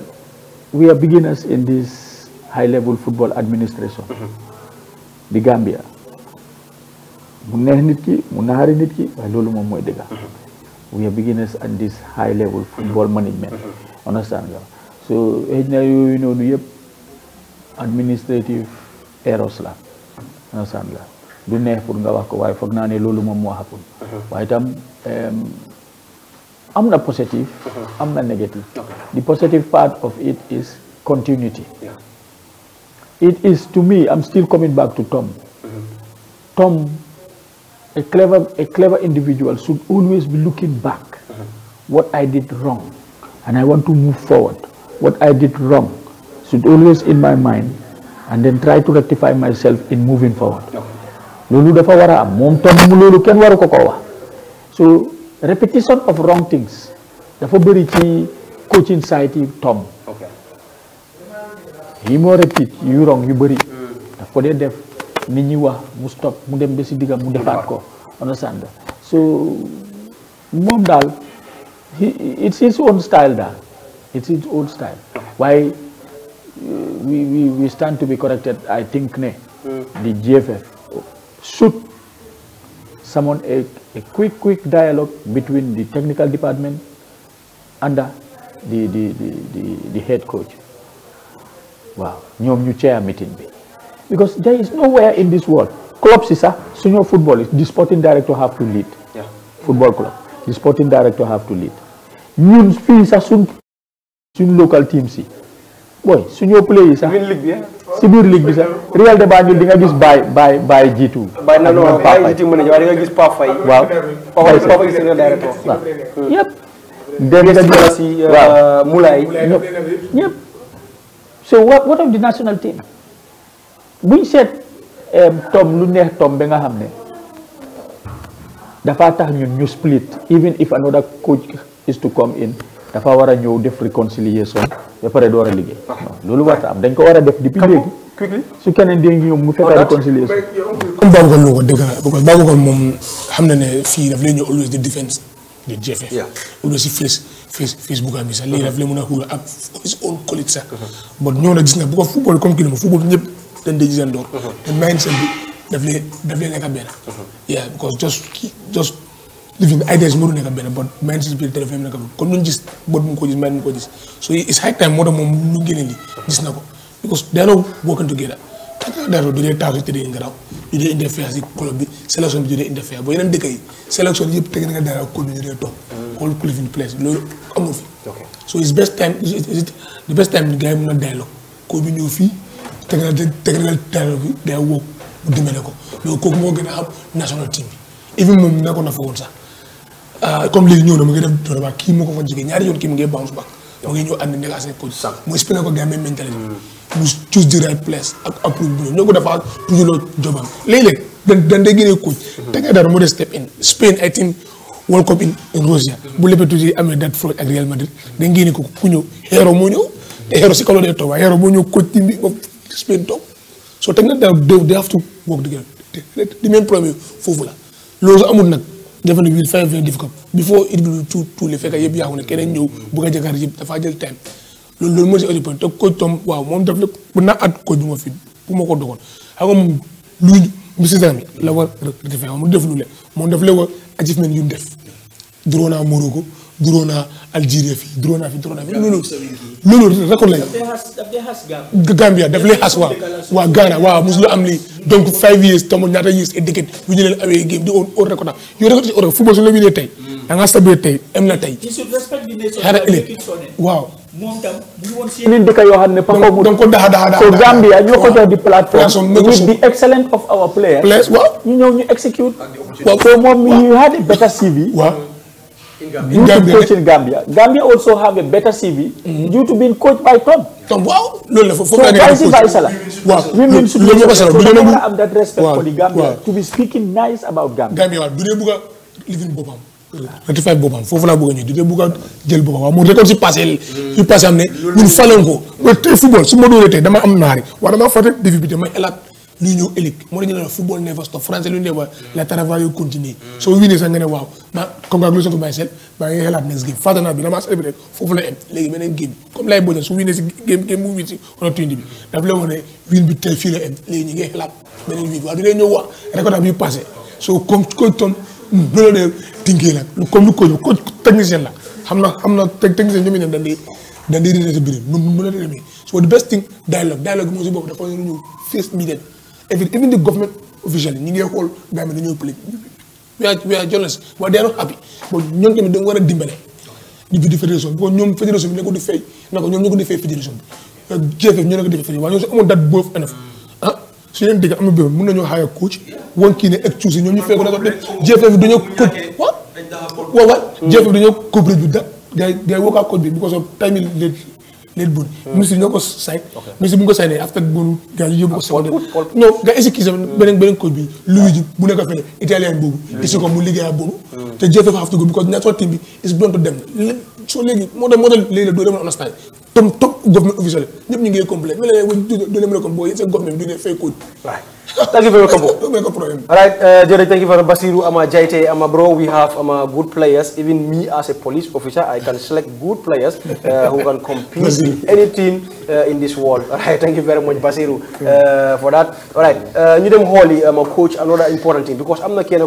we are beginners in this high level football administration mm-hmm. di Gambia mu neex nit ki mu naxari nit ki waaye loolu moom mooy dëgg mm-hmm. we are beginners at this high level football management understand nga so xëj na yooyu noonu yëpp administrative errors la understand nga du neex pour nga wax ko waaye foog naa ne loolu moom moo xapul waaye itam am na positive am na negative the positive part of it is continuity it is to me I'm still coming back to Tom mm-hmm. a clever a clever individual should always be looking back what I did wrong and I want to move forward what I did wrong should always in my mind and then try to rectify myself in moving forward loolu dafa war a am moom tam mu loolu kenn waru ko koo wax so repetition of wrong things dafa bëri ci coaching site yi tom yi repeat yu wrong yu bëri hmm. daf ko dee def li ñuy wax mu stop mu dem ba si diggam mu defaat ko understand so moom daal it's his waaye we we we stand to be corrected I think ne the GFF should summon a a quick quick head coach waaw ñoom ñu chair meeting bi because there is nowhere in this world club si sax suñu football is the sporting director have to lead. football club the sporting director have to lead ñun fii sax suñ suñ local team si booy suñu play yi sax. si biir ligue bi sax Real de Banjul di nga gis Baye Baye Baye jiitu. Baye na lool Baye jiitu mën waaye di nga gis Pape Faye. waaw Pape Faye gis nga gis si uh, Moulay. so what of the national team. buñ seet tom lu neex tom bi nga xam ne dafa tax ñun ñu split even if another coach is to come in dafa war a ñëw def réconciliation ba pare door a liggéey loolu warta am dañ ko war a def depuis léegi su keneen dé ngi ñëw mu fekk oh, réconciliation comme Babacar Lô ko dégg naa parce que moom xam na ne fii daf lay ñëw always di defense di jefe always si face face Facebook am bi sax léegi uh-huh. daf lay mën a xuula ak his own college sax bon ñëw na gis nga bu ko football comme than decision door. Uh-huh. The mindset definitely definitely nekk benn. Uh-huh. yeah because just just living ideas mënu nekk benn but mindset bi dafa nekk benn kon ñu gis bët mu ko gis mind mu ko gis so it's high time moo mu génne li gis na ko because they are not working together. daal du dee taasu tëddee ngaraw du dee interfere si club bi sélection bi du dee interfere ba yeneen dëkk yi sélection yëpp te na nga daal club bi du dee toog xool club a dialogue ko fii technique technique terrain bi day wóob mu dimbale ko loolu kooku moo gën a xam national team bi even moom nekkoon na fa woon sax ah, comme léegi ñëw na mu ngi def tournoi kii moo ko fa jigéen ñaari yoon kii mu ngi bounce back dama ngi ñëw ànd nekk seen coach sax mu expliqué ko Gambie mentalité mm. mu choose the right place ak approche bu ñoo ko dafa toujours loolu jobam léeg-léeg dan dan day génnee coach mm-hmm. te nga dara mu des step in Spain I think World Cup in Russia mm-hmm. bu léppee toujours amee date Freud ak Real Madrid dañ génne ko ku ñëw Hero moo ñëw te Hero si kaw la dee toog waaye Hero moo ñëw coach team bi it's been done. So technically they, they, they have to work together. The, main problem is foofu la loolu amul nag defe na will find very difficult before it will be too fekk yëpp yaa xam ne keneen ñëw bëgg a jagaar yëpp dafa jël time loolu loolu mooy si point te coach Tom waaw moom daf ne mën naa at coach bi ma fi bu ma ko dogoon xam nga moom luy bi si bi la war a rectifier mu def lu leen moom daf lay war achievement yu mu def. Drona Morocco drone Algeria fii drone fii drone fii loolu record lañu Gambia daf lay xas waa waa Ghana waa mosul am lii donc five years tamit ñaata years et décade bu ñu leen awee game di on on record yow da nga sabee tey am na tey xara ëllëg waaw moom tam bu yoo xam ne performu donc ko daxa daxa daxa so Gambia ñoo ko jox di platform with the excellent of our players waaw ñu ñëw ñu execute waaw moom you had a better CV waaw in Gambia. also have a better CV mm mm-hmm. to being coached by Tom. Tom waaw loolu la foofu la nekk so vice versa. waaw loolu moo du dee bëgg a living boppam. foofu laa bëgg a ñëw du dee bëgg a jël boppam waaw mu récolte si passé mm. si passé am ne ñun faloon ko. tey football su ma dooree tey dama am naari waaw dama fàtte défi bi damay elaat ñuy ñëw élite moo tax ñu ne football never stop français lu ñu dee ba le travail continue soo winee sax nga waaw ma congratulation to myself maa foofu la em léegi beneen game comme lay boña su winee si game mu win si on a bi daf la wax ne bi tey fii la em léegi ñu ngi xalaat beneen win waaw du dee ñëw wax record bi passé so comme coach Tom loolu de tinkee nag comme lu coach technicien la xam na xam na technicien ñoom itam dañ even even the government officially ñi ngi xool gars yi dañoo play we are we are journalists waaye they are happy bon ñoom tamit war bi kon ñoom fédération bi ne di fay na ñoom ñoo ko di fay fédération bi GFF ñoo ne ko di fay waaye ñoom su amoon date boobu enough ah su leen dégg am ñu fay ko da bi da gars yi gars bi because of timing late leen bon ministre ñoo ko sañ ministre bu ñu ko sañee after bonu gars yóbbu ko seconde non gars exécuté beneen beneen coach bi Luigi bu nekk fële italien boobu isi ko mu liggéeya boobu te jëfe fa after go because national team bi is doon to dem so léegi moo tax moo tax government officiel ñëpp ñu ngi complain ñu la doo demal comme boo yéen seen government bi du ne fay coach Thank you very much. a problem. All right, uh, Jere, thank you Basiru, I'm a Jaite, I'm a bro. We have um, uh, good players. Even me as a police officer, I can select good players uh, who can compete any team uh, in this world. All right, thank you very much, Basiru, uh, for that. All right, uh, Nudem a um, coach, another important thing, because I'm not Kiana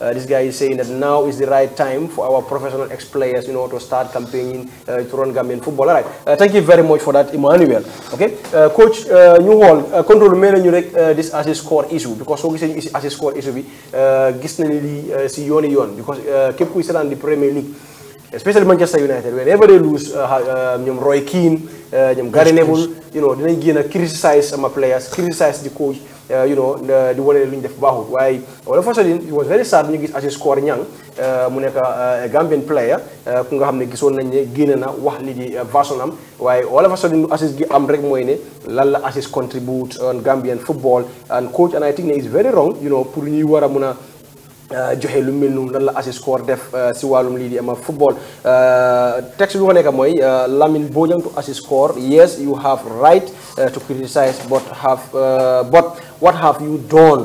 in this guy saying that now is the right time for our professional ex-players, to start campaigning uh, to football. All right. Uh, thank you very much for that, Emmanuel. Okay. Uh, coach, uh, ñu xool uh, contrôle nañu rek uh, this as a score issue because soo gisee as a score issue bi uh, gis nañu lii si yooni yoon because képp kuy seetaan di Premier League especially Manchester United whenever they lose ñoom Roy Keane Euh, ñoom Gary Neville you know dinañ génn criticize ama players criticize di coach euh, di wane lu ñu def baaxut waaye wala façon it was very sad ñu gis Assis Koor Ñang euh, mu nekk Gambian player ku nga xam ne gisoon nañ ne génn na wax li di version am waaye wala façon lu Assis gi am rek mooy ne lan la Assis contribute on Gambian football and coach and I think ne is very wrong pour ñuy war mun a Euh, joxe lu mel noonu lan la AS Sport def euh, si wàllum lii di ama football euh, texte bi fa nekk mooy Lamin Bojang to AS Sport yes you have right to criticize but have but what have you done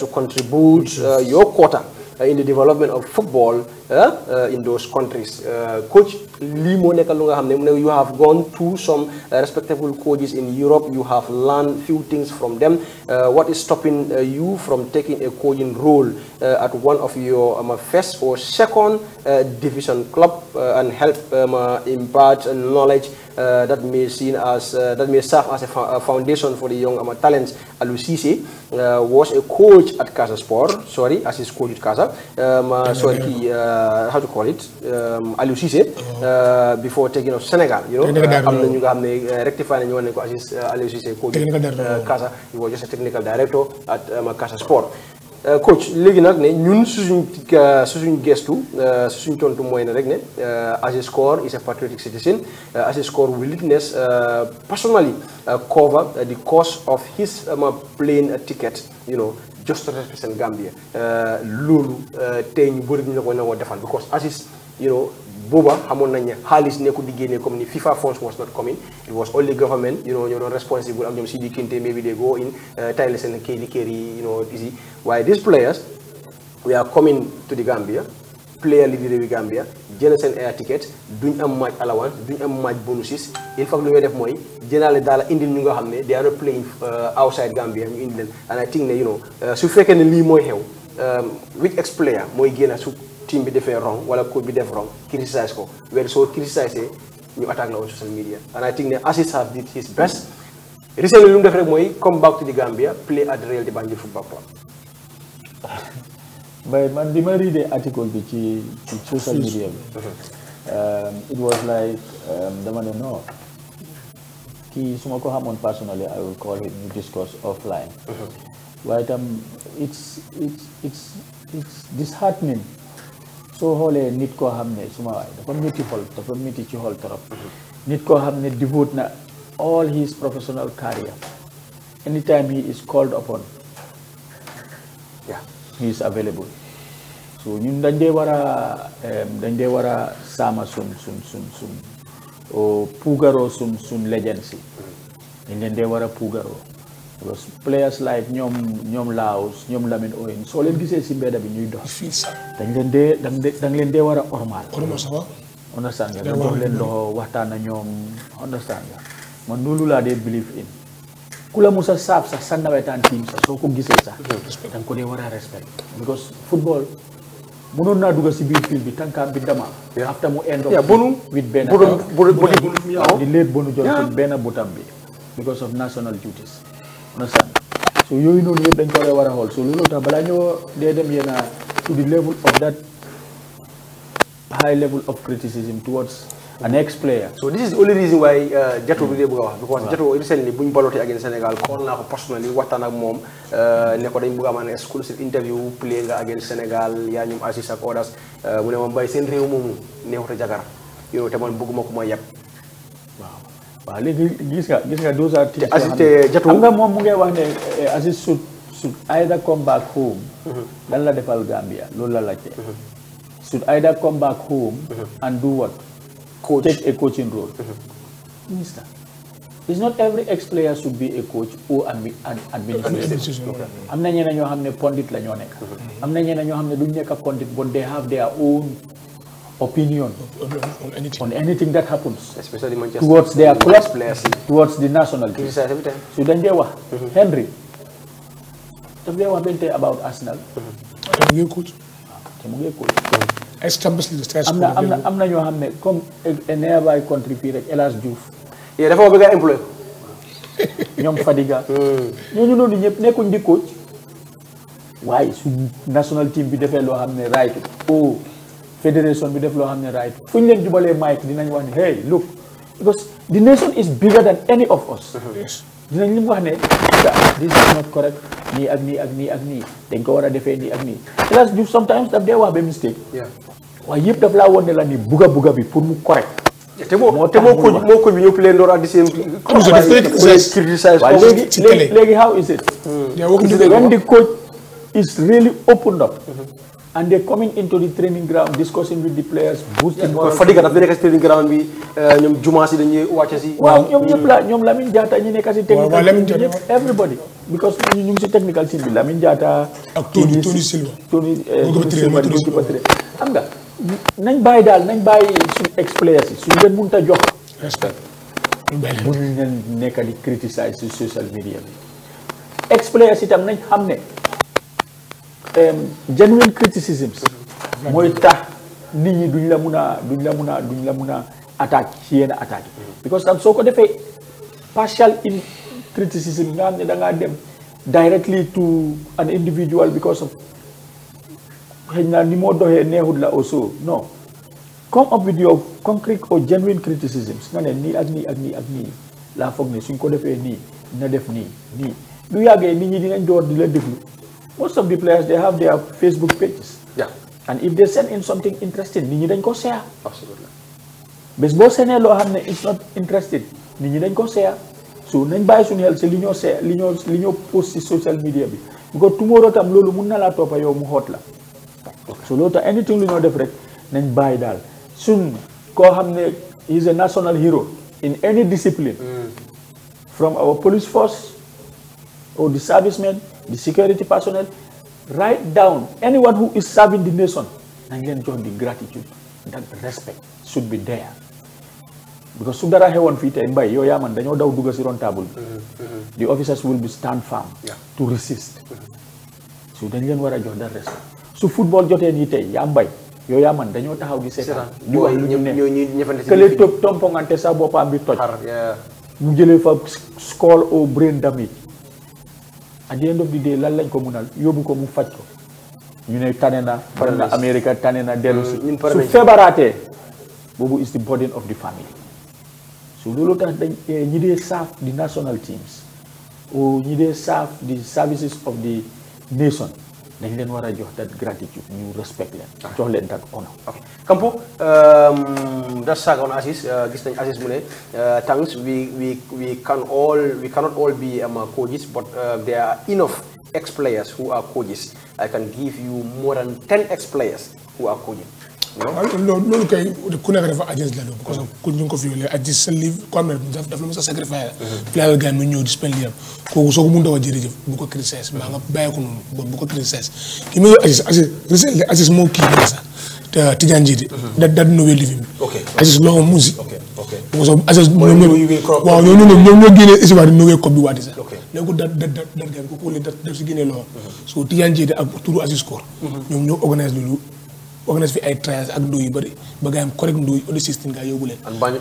to contribute your quota Uh, in the development of football uh, uh, in those countries coach lii moo nekk lu nga xam ne mu ne you have gone to some respectable coaches in Europe you have learned few things from them what is stopping you from taking a coaching role at one of your um, first or second division club and help um, impart knowledge that may seen as that may serve as a, a, foundation for the young um, talents. Eh, was a coach at Casa Sport, sorry, as his coach Casa. Um, so he, how to call it, um, Alu oh. eh, before taking off Senegal, you know, am nañu nga xam ne rectify nañu woon ne ko as his coach Casa. He was just a technical director at Casa Sport. Euh, coach léegi nag ne ñun suñu euh, suñu gestu euh, suñ tontu mooy ne rek ne as a score is a patriotic citizen as a score will witness personally cover the cost of his plane ticket you know just to represent Gambia loolu tey ñu bëri ñu la ko nangoo defal because as is you know booba xamoon nañ ne xaalis nekku di génne comme ni FIFA funds was not coming it was only government you know ñoo doon responsible ak ñoom si di kinte maybe they go in uh, tayle seen kii li kër yi waaye these players we are coming to the Gambia player li di réewi Gambia jënd seen air ticket duñ am match allowance duñ am match bonuses in fact lu ñuy def mooy jëndaale daal indil ñu nga xam ne they are not playing uh, outside Gambia ñu indil and I think uh, su fekkee ne lii mooy xew um, which ex player su team bi defee wrong wala coach bi def wrong criticize ko where soo criticize ñu attaque la on social media and I think ne Aziz has did his best recently lu mu def rek mooy come back to the Gambia play at Real de Banjul football club mais man bi ma readee article bi ci ci social media bi mhm. um, it was like um, dama ne non su ma ko xamoon personally I will call him ñu discuss offline mhm. waaye tam it's it's it's it's disheartening soo xoolee nit koo xam ne suma waay dafa métti xol dafa métti ci xol trop nit koo xam ne devote na all his professional career anytime he is called upon yeah he is available so ñun dañ dee war a dañ dee war a saama sun sun sun sun oh, puugaroo sun sun legend si dañ leen dee war a puugaroo players like ñoom ñoom Laos ñoom Lamine Oyin soo leen gisee si mbedd bi ñuy dox. dañ leen dee da nga leen dee war a ormaal. ormaal ça va. understand nga dox leen loxo waxtaan na ñoom understand nga man loolu laa dee believe in ku la musa saab sax sa nawetaan team sax soo ko gisee sax da nga ko dee war a respect because football mënoon naa dugg si biir fil bi tànkaam bi dama after mu end of bonu with benn bonu bonu di leet bonu jot benn butam bi because of national understand so yooyu noonu yëpp dañ ko war a xool so loolu tax balaa ñoo dee dem yéen a to the level of that high level of criticism towards an ex So this is the only reason why uh, Jato bi hmm. dee bëgg a wax because Jato recently buñ balotee ak Sénégal call naa ko personally waxtaan ak moom uh, ne ko dañ bëgg a am an exclusive interview play nga ak Sénégal yaa ñum Aziz ak others uh, mu ne ma mbay seen réew moomu neexut a jagar yow te man bëgguma ko ma yeb waaw ah, léegi gis nga gis nga deux heures. te Aziz jatu xam nga moom mu ngi wax ne eh, Aziz su su either come back home. Mhm. lan la defal Gambia loolu la laajte. Mhm. should either come back home mhm. and do what. coach take a coaching role. minister it's not every ex-player should be a coach or an am na ñeneen ñoo xam ne pondit la ñoo nekk. am na ñeneen ñoo xam ne duñ nekk pondit but they have their own. opinion on anything, on anything that happens. especially Manchester towards their club towards the national team. su dañ dee wax. Mm-hmm. Henry daf dee wax benn tey about Arsenal. Mm-hmm. Ah, te mu ngi coach. te mu ngi coach. am na am na am ñoo xam ne comme nearby country fii rek El Hadj Diouf. yéen dafa bëgg a employé. ñoom mm. noonu ñëpp nekkuñ di coach. waaye su national team bi defee loo xam ne right oh. fédération bi def loo xam ne right fu ñu leen jubalee Mike dinañ wax ne hey look because the nation is bigger than any of us. dinañ lim wax ne this is not correct nii ak nii ak nii dañ ko war a defee nii ak nii hélas du sometimes daf dee wax ba mistake. waaye yëpp daf laa woon ne la ni buga buga bi pour mu correct. te moo moo ko moo ko ñëpp leen door a di seen. comme ça léegi léegi how is it. yaa when coach is really opened up. Mm-hmm. and they coming into the training ground discussing with the players. boosting euh, ñoom la ñoom ñu nekk si. technical ñu ngi si technical team bi xam nga nañ bàyyi daal nañ bàyyi suñu ex players yi suñu leen mënut a jox. respect bu ñu leen nekk di criticiser si social media bi. ex players itam nañ xam ne. Euh, genuine criticism mooy tax nit ñi duñ la mun a duñ la mun a la mun a attaque ci yenn attaque because tam soo ko defee partial in criticism nga xam ne da ngaa dem directly to an individual because of xëy naa ni moo doxee neexut la also non come up with your concrete or genuine criticisms nga ne nii ak nii ak nii ak nii laa foog ne suñ ko defee nii na def nii nii lu yàggee nit ñi dinañ door di la déglu most of the players they have their Facebook pages. Yeah. and if they send in something interesting nit ñi dañ ko share. absolutely bés boo seenee loo xam ne it's not interesting nit ñi dañ ko share so nañ bàyyi suñu xel si li ñoo share li ñoo li ñoo post si social media bi because tomorrow tam loolu mun na laa toppa yow mu xoot la. so loolu tax anything lu ñoo def rek nañ bàyyi daal suñ koo xam ne he is a national hero in any discipline. Mm. from our police force or the servicemen. the security personnel write down anyone who is serving the nation nañ leen jox di gratitude da respect should be there because su dara xewoon fii tey mbay yow yaa man dañoo daw dugg si ron table bi mm, mm. the officers will be stand firm to resist mm. so dañ leen war a jox that respect su football jotee nii tey yaa mbay yow yaa man dañoo taxaw di seetaan di wax lu ñu ne kële topp tompongante sa boppam bi toj mu jëlee fa skull or brain damage ak yenn dof di dee lan lañ ko munal yóbbu ko mu faj ko ñu ne tane na pare na America tane na dellu si mm, su feebaraatee boobu is the burden of the family so loolu tax dañ eh, ñi dee serve di national teams ou ñi dee serve the services of the nation dañ leen war a jox that gratitude ñu respect leen ah. jox leen that honor Kampo that euh, saga on Aziz euh, gis nañ Aziz mu ne euh, thanks we we we can all we cannot all be um, coaches but uh, there are enough ex who are coaches I can give you more than ten ex players who are coaches waaw loolu kay ku nekk dafa ajis la loolu ko violé ajis sa livre ku am a sacrifier la gaan mu ñëw di spend liyam soo ko mun dawal jërëjëf bu ko moo kii bi sax te Tidiane da da nouvel livre bi ajis loo xam musi so ajis waaw ak turu Aziz Kor ñoom ñoo organise loolu organise fi ay triage ak ndóo yu bëri ba nga am correct ndóo yi au dessus nga yóbbu leen. ak baa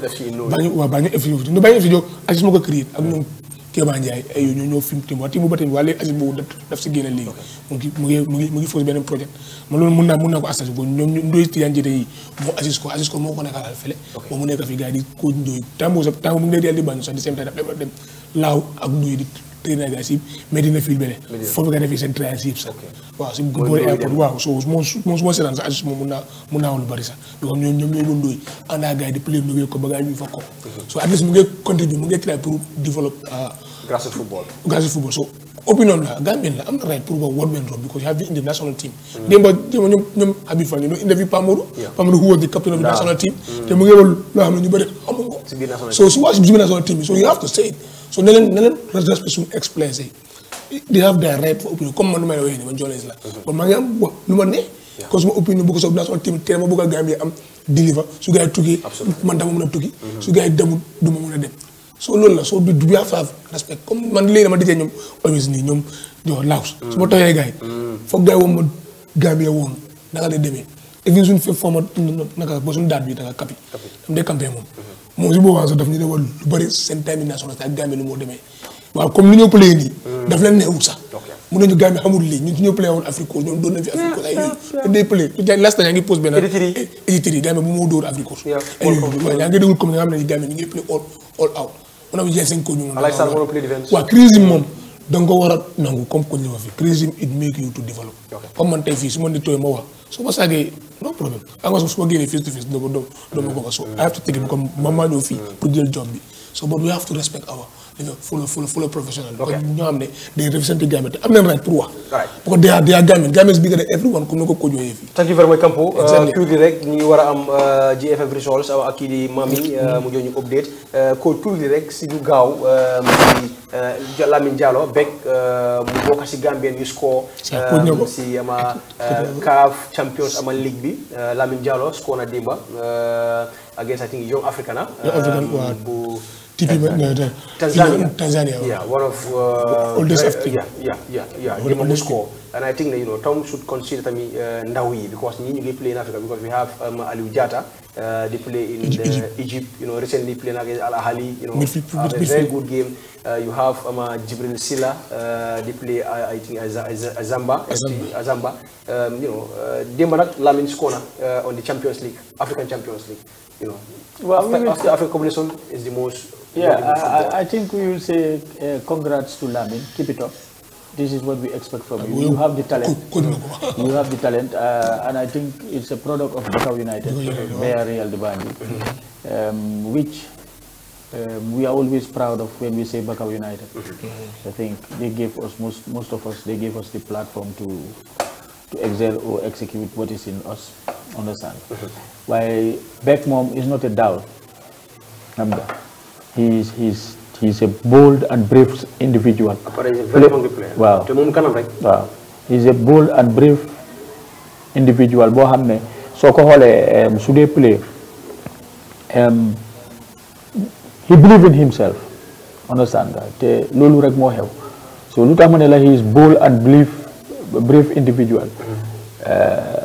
moo fi mu tim waa timu ba tamit mun naa mun naa ko assagi ko ñoom ndóoy Tidiane Diédé yi moo Aziz ko Aziz ko moo ko nekkaalal fële moom mu nekk fi gars yi di ko ndóoy temps boobu sax temps bu mu nekk yàlla di sax di seen laaw ak ndóoy di so ma seetaan sax moom mun naa mun naa woon lu bëri sax ñoom ñoom ñoom ñooy doon dooy ànd ak gars yi mhm. at least mu ngi contribute mu ngi try pour développer ah, grassroots football football so opinion la Gambian la am na right pour wa one man job because you have the international team démba mhm. démba ñoom ñoom Habib Fall ñu doon interview Pamoudou Pamoudou who was the captain of the national team mm. so you have to say it so na leen na leen respect suñu expérience yi di have their right for opinion comme man nu may waxee nii man journaliste la mhm. ma ne kon suma opinion bu ko soog naa soxla tamit teel ma man dama mën a tukki mhm. su gars du ma mën a dem so loolu la soo du du have respect comme man léegi dama dajee ñoom always nii ñoom jox laos mm. su ma tooyee gars yi mm. foog gars demee et puis suñu fi format naka ba suñu daat bi naka kapi dam dee moom mhm. moom su boobaa sax daf ñu ne wala lu bëri seen termination ak Gambie ni moo demee waaw comme ni ñoo play nii. daf leen neexul sax. mun nañu Gambie xamul lii ñun su ñu play woon Afrique ñoom doon nañ fi Afrique ay yooyu. te eh, bu moo dóor Afrique. waa crise moom. da nga ko war a nangu comme ku ñu fi it make you to develop. comme man tey fii su ma nit tooy ma wax su ma saagee no problème xam ah, nga su ma génnee face to face doo ma doo ma ko so I have to take it comme man maa fii mm. pour jël job bi so but we have to respect our nga fula fula fula professionnel. ok kon ñoo xam ne day représenter Gambie te am nañ right pour wax. waay bu ko dee dee Gambie Gambie is bigger than everyone comme ni ko ko jógee fii. thank you euh, rek ñu ngi war am euh, GFF results ak kii di Mami euh, mu jox ñu update ko tuuti rek si du gaaw di Lamine Diallo beeg mu bokk si Gambien yu score. si ama CAF Champions ama League bi Lamine Diallo score na Demba against I think Young Africana. Young TP Tanzania. Tanzania. Yeah, one of uh, oldest uh, yeah, yeah, ya yeah. One of score. And I think that you know Tom should consider Tami uh, Ndawi because you need play in Africa because we have um, Aliou Diata. Uh, they play in Egypt, uh, Egypt. Egypt. You know, recently playing against You know, midfield, uh, a very good game. Uh, you have um, uh, Jibril Silla. Uh, they play, uh, I think, Az Az Azamba. Azamba. Azamba. Um, you know, uh, Dembarak Lamin Skona uh, on the Champions League, African Champions League. you know, well, after, we after Africa Coalition is the most. Yeah, I, I, think will say uh, congrats to Lamin. Keep This is what we expect from you. You have the talent. Uh, and I think it's a product of Dakar United, Mayor Real Dubandi, um, which um, we are always proud of when we say Bakau United. Mm-hmm. I think they gave us most of us they gave us the platform to to or execute what is in us. Understand? waaye moom is not a dull xam nga he waaw te moom kanam rek. waaw he is a bold and brave individual boo xam ne soo ko xoolee su dee play he believe himself understand te loolu rek moo xew so lu tax ma ne la he is bold and brave brave individual. Mm-hmm. Eh,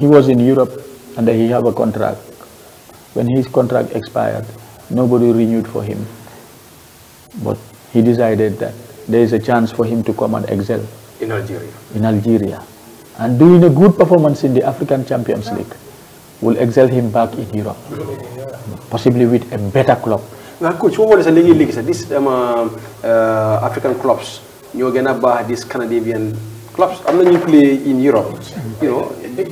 he was in Europe and he have a contract. When his contract expired, nobody renewed for him. But he decided that there is a chance for him to come and excel. In Algeria. In Algeria. And doing a good performance in the African Champions League will excel him back in Europe. Possibly with a better club. Now, coach, what was the league? These um, uh, African going to buy these Canadian clubs. I'm not play in Europe.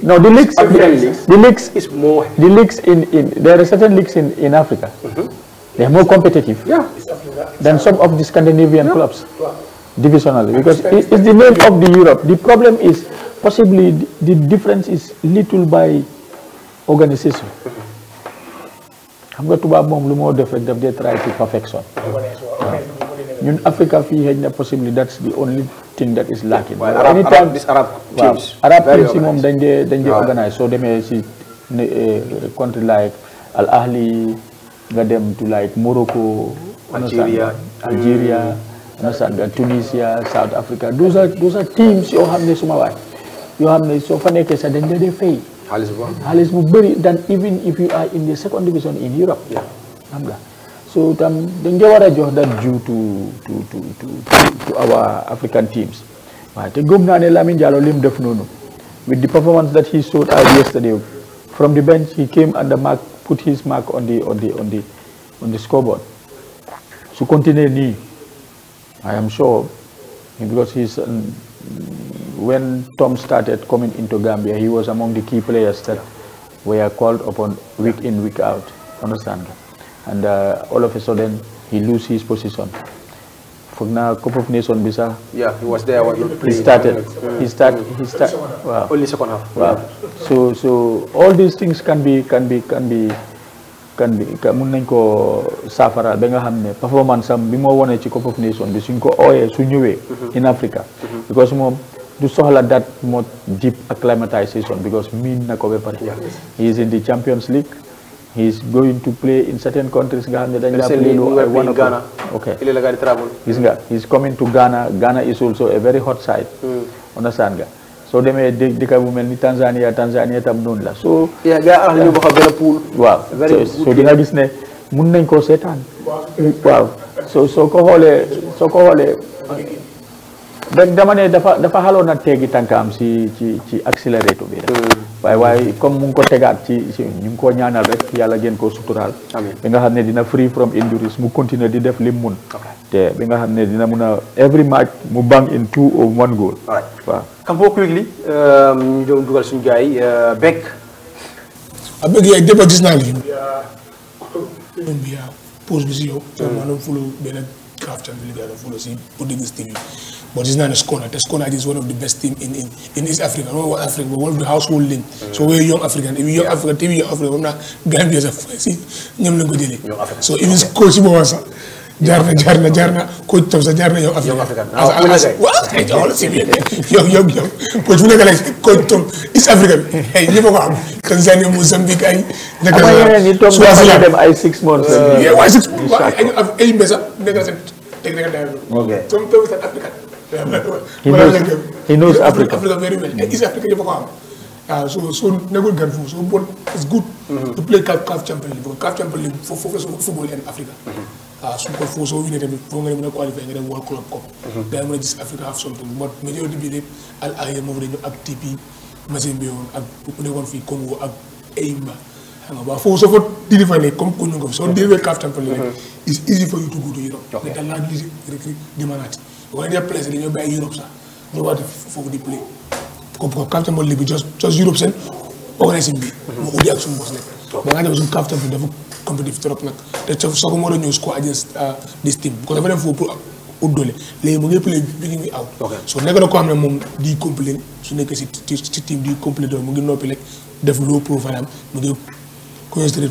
no the leaks African leagues the leagues is more the leagues in in there are certain leagues in in Africa. Mm -hmm. they are more competitive. Yeah. than some of the Scandinavian yeah. clubs. Wow. because it, it's the name of the Europe. The problem is possibly the, difference is little by organisation. Mm-hmm. xam nga tubaab moom lu moo def rek daf dee try to perfection. ñun Africa fii xëy na possibly that's the only. thing that is lacking. waaye Arab Arab this Arab teams. Arab moom dañ dee dañ dee organize soo demee si eh, country like Al Ahli nga dem to like Morocco. Algeria Algeria. understand Tunisia South Africa those are teams yoo xam ne ma waay yoo xam ne soo fa nekkee sax dañ la dee fay. xaalis bu bëri xaalis bëri than even if you are in the second division in Europe. xam nga. So tam dañ ko war a jox that due to our African teams waaye te gëm naa ne Lamine Diallo lim def noonu with the performance that he showed out yesterday from the bench he came and mark put his mark on the scoreboard su continuer nii I am sure because he's um, when Tom started coming into Gambia he was among the key players that were called upon week in week out understand and uh, all of a sudden he lose his position. foog naa Cup of Nation bi sax. yeah he was there when started he started waaw. so so all these things can be can be can be can be mun nañ koo saafara ba nga xam ne performance am bi moo wone ci Cup of Nation bi suñ ko ooyee su ñëwee. Mhm. in Africa. Mhm. because moom du soxla that much deep acclimatization because miin na ko ba pare. he is in the Champions League. he is going to play in certain countries nga xam ne dañ laa play loo a one Ghana okay gis nga he is coming to Ghana Ghana is also a very hot side hmm. understand nga soo demee dë bu mel ni Tanzania Tanzania tam noonu la so waaw gis ne mun nañ koo seetaan waaw so soo ko xoolee soo ko xoolee rek dama ne dafa dafa xaloon a teegi tànkaam si ci ci accélérateur bi rek waaye hmm. waaye comme mu ngi ko tegaat ci ci ñu ngi koo ñaanal rek yàlla gën koo suturaal bi nga xam ne dina free from injuries mu continuer di def lim mun te bi nga xam ne dina mun a every match mu bang in two or one goal waaw Kampo quickly um, ñu doon dugal suñu gars yi uh, Beck a ah, Beck yaay démb gis naa li bi yaa hmm, pause bi si yow soo hmm. maanaam fulu benn craftan bi li gaa fulu si pour dégg but it's not a scorner. The scorner is one of the best team in, in, in East Africa. Not Africa, but one of the household league. Mm. So we're young African. If you're young yeah. African, TV you're African, I'm not Gambia is a So if it's coachable, jaar na jaar na jaar na coach tam sa jaar na yow Afrique ah, waaw yow yow yow coach bu nekk la coach tam East Africa bi ay ñëpp a ko am Tanzania Mozambique ay nekk na Swaziland dem ay six months waaye six ay mbesa nekk na seen teg na ka daal ok tom tom sa Afrique he knows Africa. Africa very well. Mm. East Africa dafa ko am. waaw so so nekkul gan foofu so bon it's good. to play CAF CAF Champions League because CAF Champions League foofu foofu football in Africa. waaw su ko foo soo winee tamit foo nga mën a qualifier nga dem World Club Cup. day mën a gis Africa have something but majority bi de Al Ahly moom dañu ak TP Mazembe woon ak ku nekkoon fii Congo ak Eimba. xam nga waaw foofu soo fa diri fa ne comme ku ñu ko soo diri CAF Champions League. it's easy for you to go to Europe. ok nga daan naa di recruit bu ko def place dañoo bàyyi Europe sax ñu war foofu di play ko ko captain bi just just Europe seen organisme bi. mu uddi ak suñu bopp ko moo ko ah, dafa dem foofu pour ut doole léegi mu ngi play bi ngi aw. ok so nekk na moom di complet su nekkee si ci team di complet doole mu ngi noppi rek def low profile am mu ngi concentré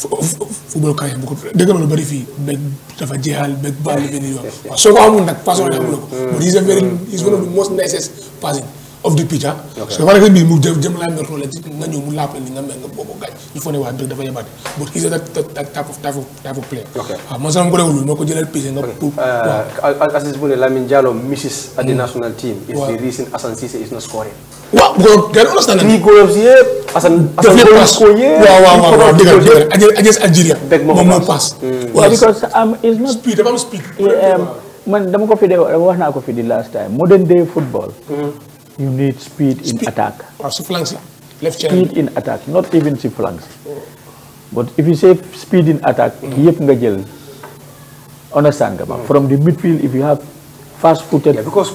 football kaay bu ko dëgg la lu bëri fii beeg dafa jeexal beeg baal benn yoon waaw soo ko amul nag façon amul ko. Mm. but he is a very he is one of the most nicest person of the picture. ok so wala bi mu jëm jëm laa mer wala ci nga ñëw mu a type of type waaw man ko réewlu understand nañu. yëpp. Assane Assane góoram koo yëpp. waaw waaw waaw dëgg am is not am man dama ko fi de wax naa ko fi di last time modern day football. Mm. you need speed, speed. in attack. Ah, supplancy. Left channel. Speed in attack, not even supplancy. Mm. But if you say speed in attack, mm. nga jël. Understand nga ba. Mm. From the midfield, if you have fast footed mm. soo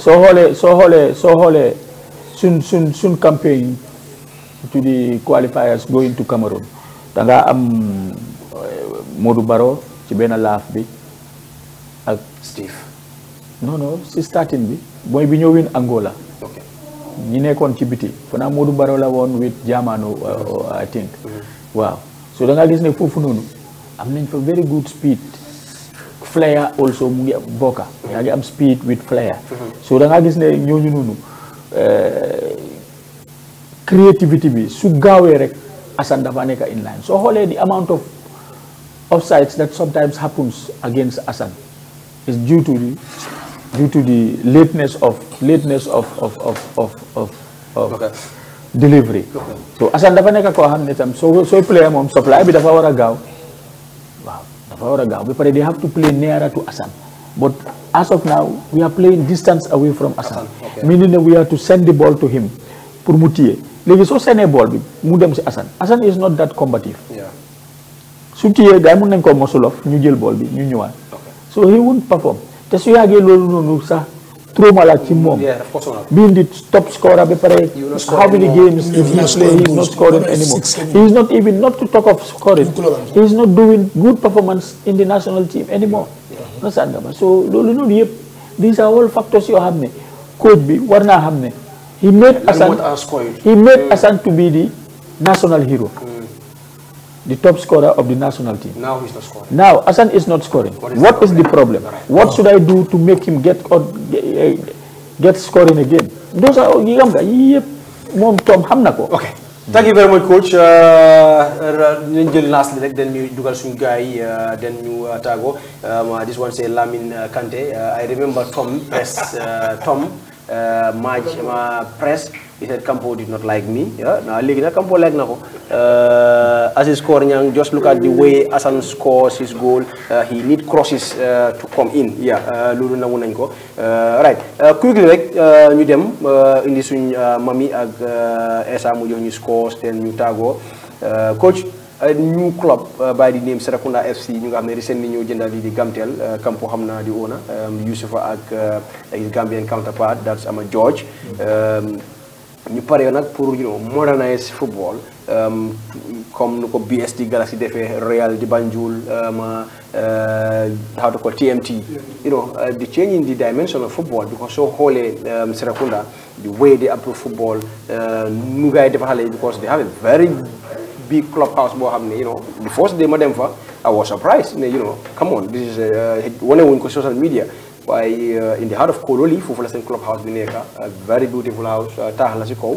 xoolee soo xoolee soo xoolee suñ suñ suñ campagne to the qualifiers going to Cameroon. da ngaa am eh, Modou Baro ci benn laaf bi ak non non si starting bi booy bi ñëw win Angola ñi nekkoon ci biti fanaa Modou Baro la woon with Jamano uh, I think mm-hmm. waaw so da gis ne foofu noonu am nañ fa very good speed flair also mu ngi am bokka yaa ngi am speed with flair mm-hmm. so da gis ne ñooñu noonu uh, creativity bi su gaawee rek Assane dafa nekk in line soo xoolee the amount of offsides that sometimes happens against Assane is due to due to the lateness of lateness of of of of of. of okay. delivery. so Assane dafa nekk koo xam ne tam soo soo play moom supply bi dafa war a gaaw waaw dafa war a gaaw ba pare they have to play nearer to Assane but as of now we are playing distance away from Assane. meaning that we have to send the ball to him pour mu téye léegi soo seenee ball bi mu dem si Assane Assane is not that combative. su téyee gars mun nañ koo mosulof ñu jël ball bi ñu ñëwaat. so he won't perform. te su yàggee loolu noonu sax trauma la ci moom. being the top scorer ba pare. how many games did he play he is not scoring anymore. he is not even not to talk of scoring. he is not doing good performance in the national team anymore. understand nga so loolu noonu yëpp these are all factors yoo xam ne coach bi war naa xam ne. he made Assane he made mm. Assane to be the national hero. Mm. the top scorer of the national team. Now he's not scoring. Now Hassan is not scoring. What is, the, problem? What should I do to make him get or, uh, eh, get scoring again? Those are yëpp moom Tom xam na ko. ok thank you very much coach uh, ñu jël naas li rek den dugal suñu gars yi uh, den ñu uh, tàggoo this one say Lamine Kanté I remember Tom press Tom. uh, my, my press. He said Campo did not like me. Yeah, léegi Liga Campo like na ko as he scored, just look at the way Asan scores his goal. Uh, he need crosses uh, to come in. Yeah, euh, lulu na wunan ko. Euh, right. Euh, quickly, rek ñu dem indi suñ mami ak Essa mu jox ñu scores then ñu tàggoo coach. Euh, new club euh, by the name Serekunda FC ñu nga xam ne recently ñoo jënda lii di Gamtel kampo euh, xam naa di oona um, Youssoufa ak his Gambian counterpart that's Ama George um, ñu pare nag pour you know modernize football um, comme nu ko BS di Galaxy defee Real di Banjul ma uh, how to call TMT you know uh, the change in dimension of football because soo xoolee Serekunda the way they approach football uh, nu ngay defa xale because they have very big clubhouse boo xam ne you know the first day ma dem fa I uh, wuñ ko social media waaye uh, in the heart of Kololi foofu la seen clubhouse bi nekka very beautiful house uh, taax la si kaw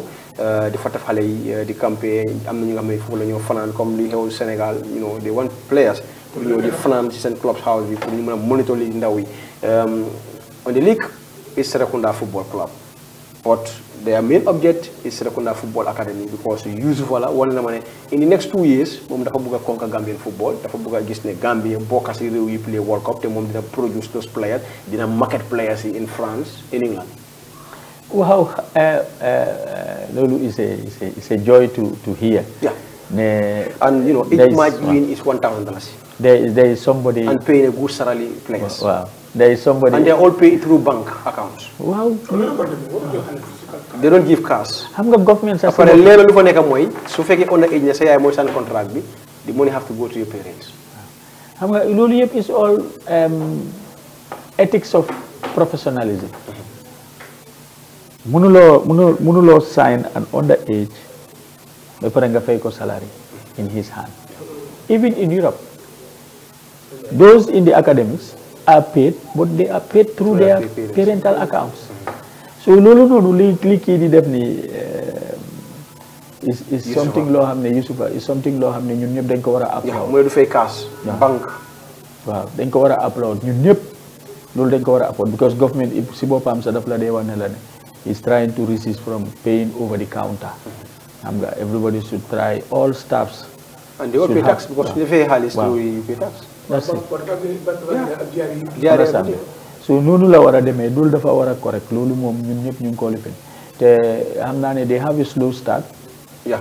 di fa taf xale yi di campé am na ñu nga xam ne foofu la ñoo fanaan comme li xew Sénégal you know they want players pour ñëw di fanaan si seen clubhouse bi pour ñu mën a monitor ndaw yi um, on the league is Serekunda football club But their main object is Serekunda Football Academy because Yusuf Wala wane na ma ne in the next two years moom dafa bëgg a conquer Gambian football dafa bëgg gis ne Gambia bokk si réew yi play World Cup te moom dina produce those players dina market players yi in France in England. waaw eh, eh, loolu is a is a joy to to hear. yeah ne. and you know and paying a good salary players. there is somebody. And they all pay through bank accounts. Wow. They don't give cash. xam nga government sax. après léeg lu fa nekk mooy su fekkee on a age ne sa yaay mooy seen contract bi the money have to go to your parents. xam nga loolu yëpp is all um, ethics of professionalism. mënuloo mënuloo mënuloo sign an under age ba pare nga fay ko salary in his hand even in Europe those in the academics. are paid, but they are paid through their parental accounts. so loolu noonu li kii di def nii eh, is is something loo xam ne Yusufa is something loo xam ne ñun ñëpp dañ ko war a applaud. mooy du waaw dañ ko war a applaud ñun ñëpp loolu dañ ko war a applaud because government si am sa daf la dee wane la ne is trying to resist from paying over the counter. xam nga everybody should try all staffs. and they all pay tax because ñu fay xaalis. waaw merci jaaree sàmbi su noonu la war a demee loolu dafa war a correct loolu moom ñun ñëpp ñu ngi ko lifin te xam naa ne they have a slow start.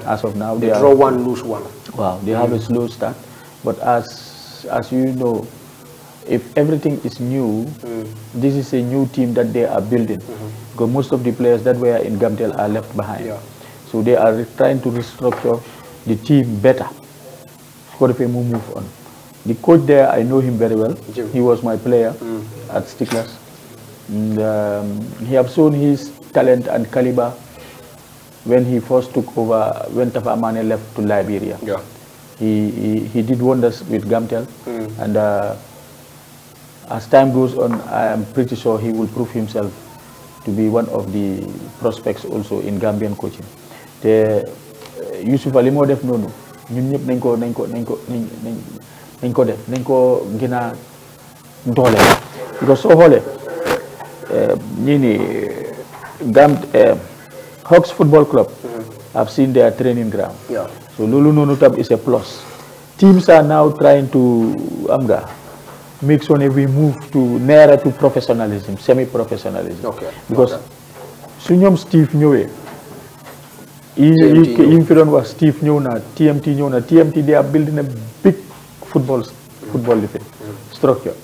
as of now they waaw they have a slow start but as as you know if everything is new. this is a new team that they are building. because most of the players that were in Gamtel are left behind. so they are trying to restructure the team better. su ko defee mu move on. The coach there, I know him very well. Jim. He was my player mm. at Sticklers. And, um, he have shown his talent and caliber when he first took over, when Tafamane left to Liberia. He, did wonders with Gamtel. Mm. And uh, as time goes on, I am pretty sure he will prove himself to be one of the prospects also in Gambian coaching. The uh, Yusuf Ali moo def noonu nañ ko def nañ ko gën a doole because soo xoolee ñii eh, ni gam eh, Hawks football club have mm-hmm. seen their training ground so loolu noonu tam is a plus teams are now trying to am nga make sure that we move to nearer to professionalism semi professionalism because su ñoom Steve ñëwee yi yi fi doon wax Steve ñëw na TMT ñëw na TMT they are building a big football football bi structure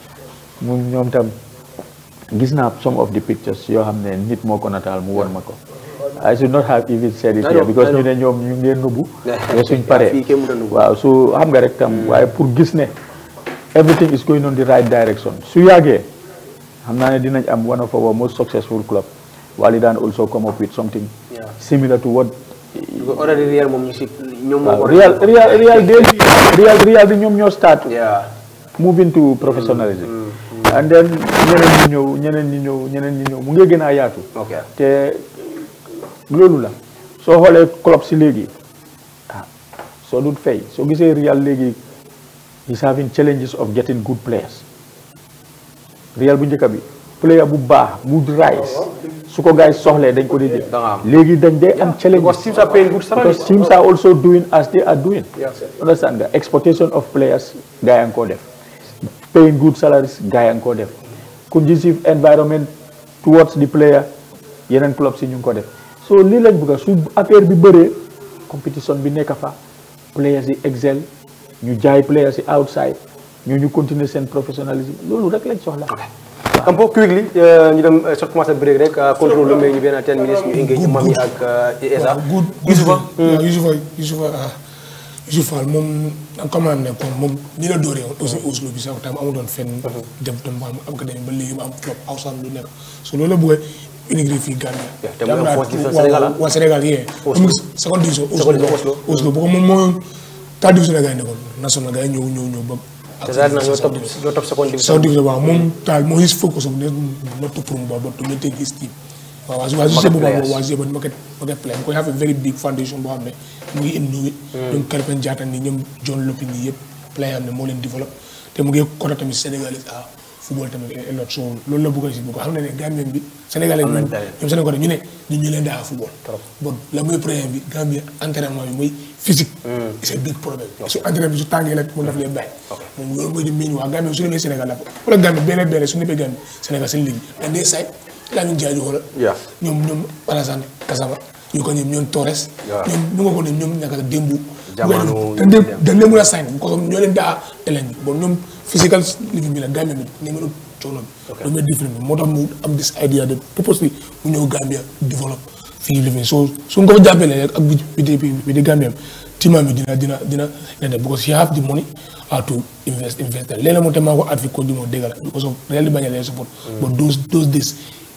mu ñoom tam gis naa some of the pictures yoo xam ne nit moo ko nataal mu won ma ko I should not have even said it here because ñu ne ñoom ñu ngeen nubbu mais suñ paree waaw su xam nga rek tam hmm. waaye pour gis ne everything is going on the right direction su yàggee xam naa ne dinañ am one of our most successful club Walidan also come up with something similar to what already real moom ñu ñoom moo Real Real daily Real Real bi ñoom ñoo start move into professionalism mm, mm, mm. and then ñeneen ñi ñëw ñeneen ñi ñëw ñeneen ñi ñëw mu ngi gën a yaatu te loolu la soo xoolee club si léegi ah soo dut fay soo gisee Real léegi is having challenges of getting good players Real bu njëkk bi player bu baax bu rice ah, su ko guys soxlee dañ ko di léegi dañ day am ah, challenge because teams are also doing as they are doing understand nga exportation of players gars yaa ngi koo def paying good salaries gars yaa ngi koo def conducive environment towards the player yeneen club si ñu ngi ko def so li lañ bugga su affaire bi bëree compétition bi nekk fa players yi excel ñu jaay players yi outside ñu ñu continuer seen professionnalisme loolu rek lañ soxla mbokk quickly euh, ñu dem euh, sot commencé break rek euh, contrôle lu may ñu benn ten minutes ñu engage mami ak Essa hmm. Youssoufa Youssoufa Youssoufa ah, Youssoufa moom comprendre ne moom ni la dóoree woon aussi auslo bi sax tam amu doon fenn mhm. dem tam ba am académie ba léegi mu ah. seconde division Oslo Oslo ko moom mooy ta division la gars yi nekkoon national gars yi ñëw ñëw ñëw César na ñoo topp ñoo topp seconde division. seconde division waaw moom taal moo gis focus am ne not from Babot to maintain his team. waaw waaw su bu baax waaw su ma kat ma kat play mu koy have a very big foundation boo xam ne mu ngi indi it. Hmm. ñoom Krépin Diatta ni ñoom John Lopin nii yëpp play am ne moo leen développe te mu ngi côté tamit Sénégalais ah. football tamit est notre chose loolu la a si bëgg xam na ne Gambien bi. Sénégalais bi ñoom Sénégalais ñoom ñoom Alassane Kasama ñu ko ñoom ñoom Torres. ñoom ñoom ñàkk a jamono te de dañ leen a sign ko ñoo leen daa télé bi bon ñoom physical living bi la Gambia bi ne mënu coono bi different bi moo tax mu am this idea de propose bi mu ñëw Gambia développe fii living so su nga ko jàppeele ak bi di bi di Gambia bi dina dina dina leen def because you have the money how uh, to invest invest léeg-léeg moo maa ko advi ko di moo dégg la because of réel bañ a leen support mm. but those those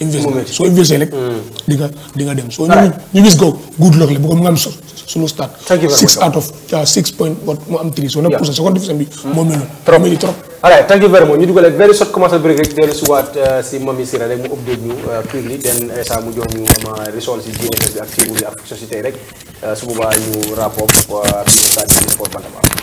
invest soo investé rek. Hmm. di nga di nga dem soo ñu ñu gis ko good luck la bu ko mu am sunu start. six out of ah, six point what mu am three soo nekk pour seconde division bi. Hmm. moo mel noonu trop alright thank ñu dugalee very short commercial break mu jox ñu eh, ma resol si GSS bi ak ceebu rek eh, su boobaa ñu rapport eh, ak saa di sport Bantamba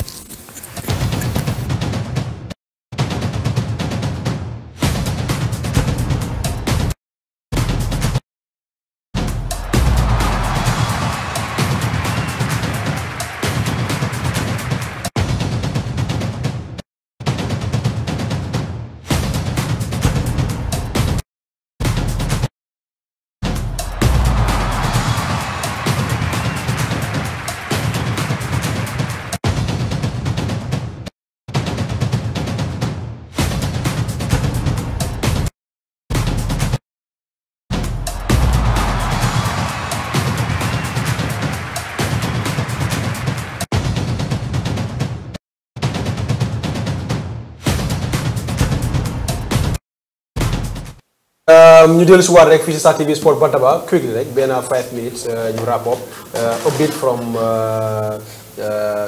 Euh, ñu dellu si waat rek fii si Star TV Sport Bantaba quickly rek benna 5 minutes euh, ñu wrap up euh, update from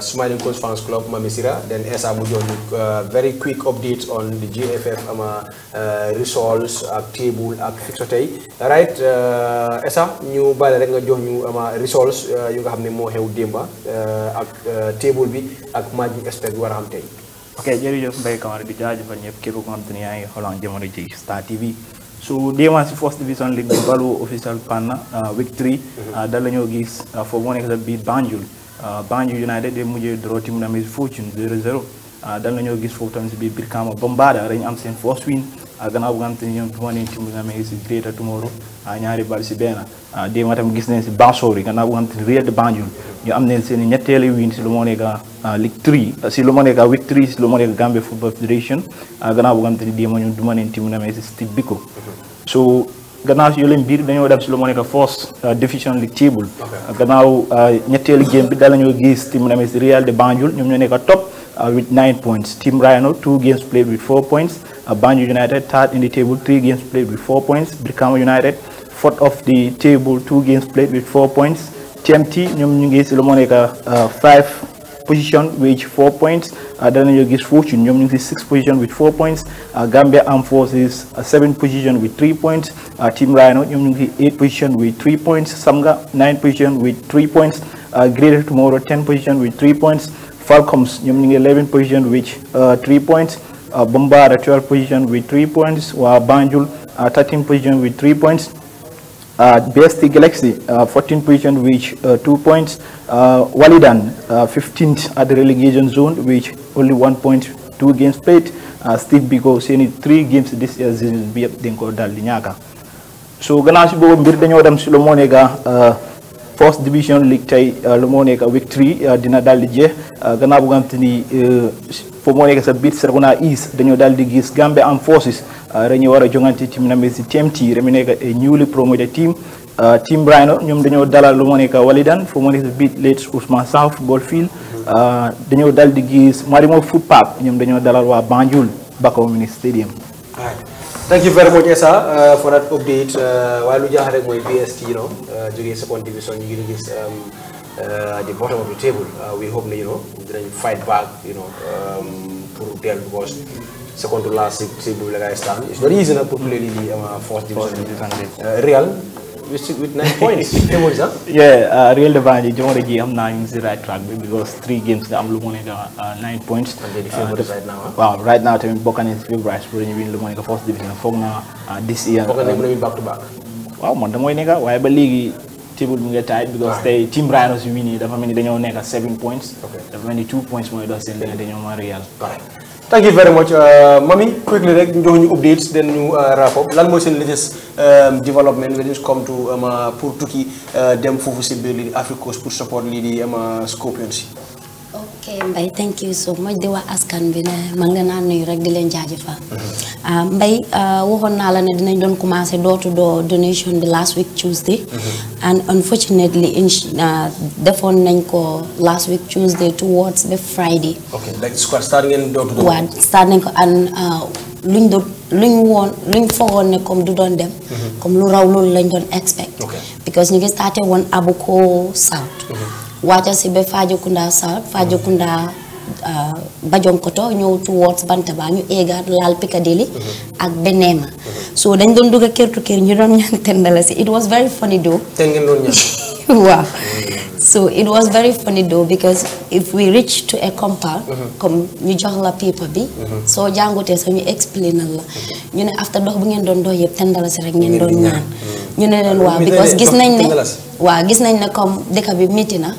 Smiling Coast Fans Club Mamisira then sa mu jox ñu very quick update on the GFF ama results ak table ak fixture tey right Essa ñu bàyyi rek nga jox ñu ama results yu nga xam ne moo xew démba ak table bi ak match bi expect war a xam tey ok jërëjëf Mbaye Kamara di jaajëfal ñëpp képp ko Star TV so DMRC first division league bi Barrow official panna uh, week three mhm. uh, dal la ñoo gis uh, foofu moo nekk sa biir Banjul Banjul United de mujjee draw team na Fortune 0-0 dal la ñoo gis foofu tamit si biir biir Kama Bombada dañu am seen first win gannaaw bu nga xam te ni ñoom fi ma ne ci nga si Greater Tomorrow ñaari ah, bal si benn ah, déema tam gis nañ si Bansoor yi gannaaw bu nga xam te ni Real de Banjul ñu am nañ lu moo nekk League 3 si lu moo nekk Week 3 si lu moo ni déema ah, ñun du si Steve Biko so gannaaw si yooleen biir dañoo dem si lu ma nekk first division league table gannaaw ñetteelu game bi da la ñoo gis ti mu amee si Real de Banjul ñoom ñoo nekk top uh, with nine points. Team Rhino, two games played with four points. Uh, Banjo United, third in the table, three games played with four points. Brikama United, fourth of the table, two games played with four points. TMT, ñoom ñu ngi si lu moo nekk uh, five position with four points. Uh, danañu gis Fortune ñoom ñu ngi si six position with four points. Uh, Gambia Armed Forces seven position with three points. Team Rhino ñoom ñu ngi eight position with three points. Samga nine position with three points. Greater Tomorrow ten position Falcons ñoom ñu ngi 11 position with 3 uh, points uh, Bombara 12 position with 3 points waa Banjul 13 uh, position with 3 points BST Galaxy 14 position with 2 points Walidan 15 at the relegation zone with only 1 point 2 games played Steve Biko seeni 3 games this year bi yëpp dañ ko daal di ñaaka so gannaaw boobu mbir dañoo dem si first division league tey euh, lu moo nekk week euh, three dina daal di jeex euh, gannaaw bu nga xamante ni foo moo nekk sa biir Serekunda East dañoo daal di gis Gambia Armed Forces dañuy war a jongante ci nambe si TMT remi nekk newly promoted team team Rhino ñoom dañoo dalal lu moo nekk Walidan foo moo nekk sa biir late Ousmane Sanf Ball Field dañoo daal di gis Marimo Footpath ñoom dañoo dalal waa Banjul Bakau Mini Stadium Thank you very much, Esa, uh, for that update. Uh, while we just had a BST, you know, uh, during second division, you know, um, uh, at the bottom of the table. Uh, we hope, you know, they fight back, you know, um, to them because second to last table, like I stand, it's not easy to play the um, Real, with, with nine points. Uh, Real Devani, jamono ji xam naa ñu ngi si right track bi because three games nga am lu mu uh, nekk nine points. waaw right now tamit bokk favourites pour ñu win lu mu nekk first division foog na uh, this year. a back to back. waaw man damooy nekk waaye ba léegi table bu ngi tight because tey team Rhinos yu win yi dafa mel dañoo nekk seven points. dafa mel two points mooy dox seen dañoo mën Real. thank you very much uh, mami quickly rek jox ñu updates den ñu uh, wrap up lan moo seen latest um, development when it come to um, uh, pour tukki dem foofu si biir lii di Afrique Coast pour support lii di um, Scorpions si ok Mbaye thank you so much di wax askan bi ne man nga naan nuyu rek di leen jaajëfal. Mhm. Ah, Mbaye ah, waxoon naa la ne dinañ doon commencé door to door donation bi last week Tuesday. Mhm. and unfortunately in ah, defoon nañ ko last week Tuesday towards the Friday. ok like start ngeen door to door. ko and luñ doon luñ woon luñ foogoon ne comme du doon dem. Mhm. comme lu raw loolu lañ doon expect. because ñu ngi starté woon Abuko South. waajal be Faajukunda South Faajukunda euh, Bajonkoto ñëw towards Bantaba ñu eegaat laal Piccadilly mhm. ak Beneema mhm. so dañ doon dugg kër tu kër ñu doon ñaan ten dalasi it was very funny though ten so it was very funny though because if we reach to a compa. Mhm. comme ñu jox la paper bi. Mhm. soo jàngutee sax ñu explainal la. Mhm. ñu ne after dox bu ngeen doon dox yëpp ten dalasi rek ngeen doon ñaan. ñu ne leen waaw because gis nañ ne waaw gis nañ ne comme dëkk bi métti na.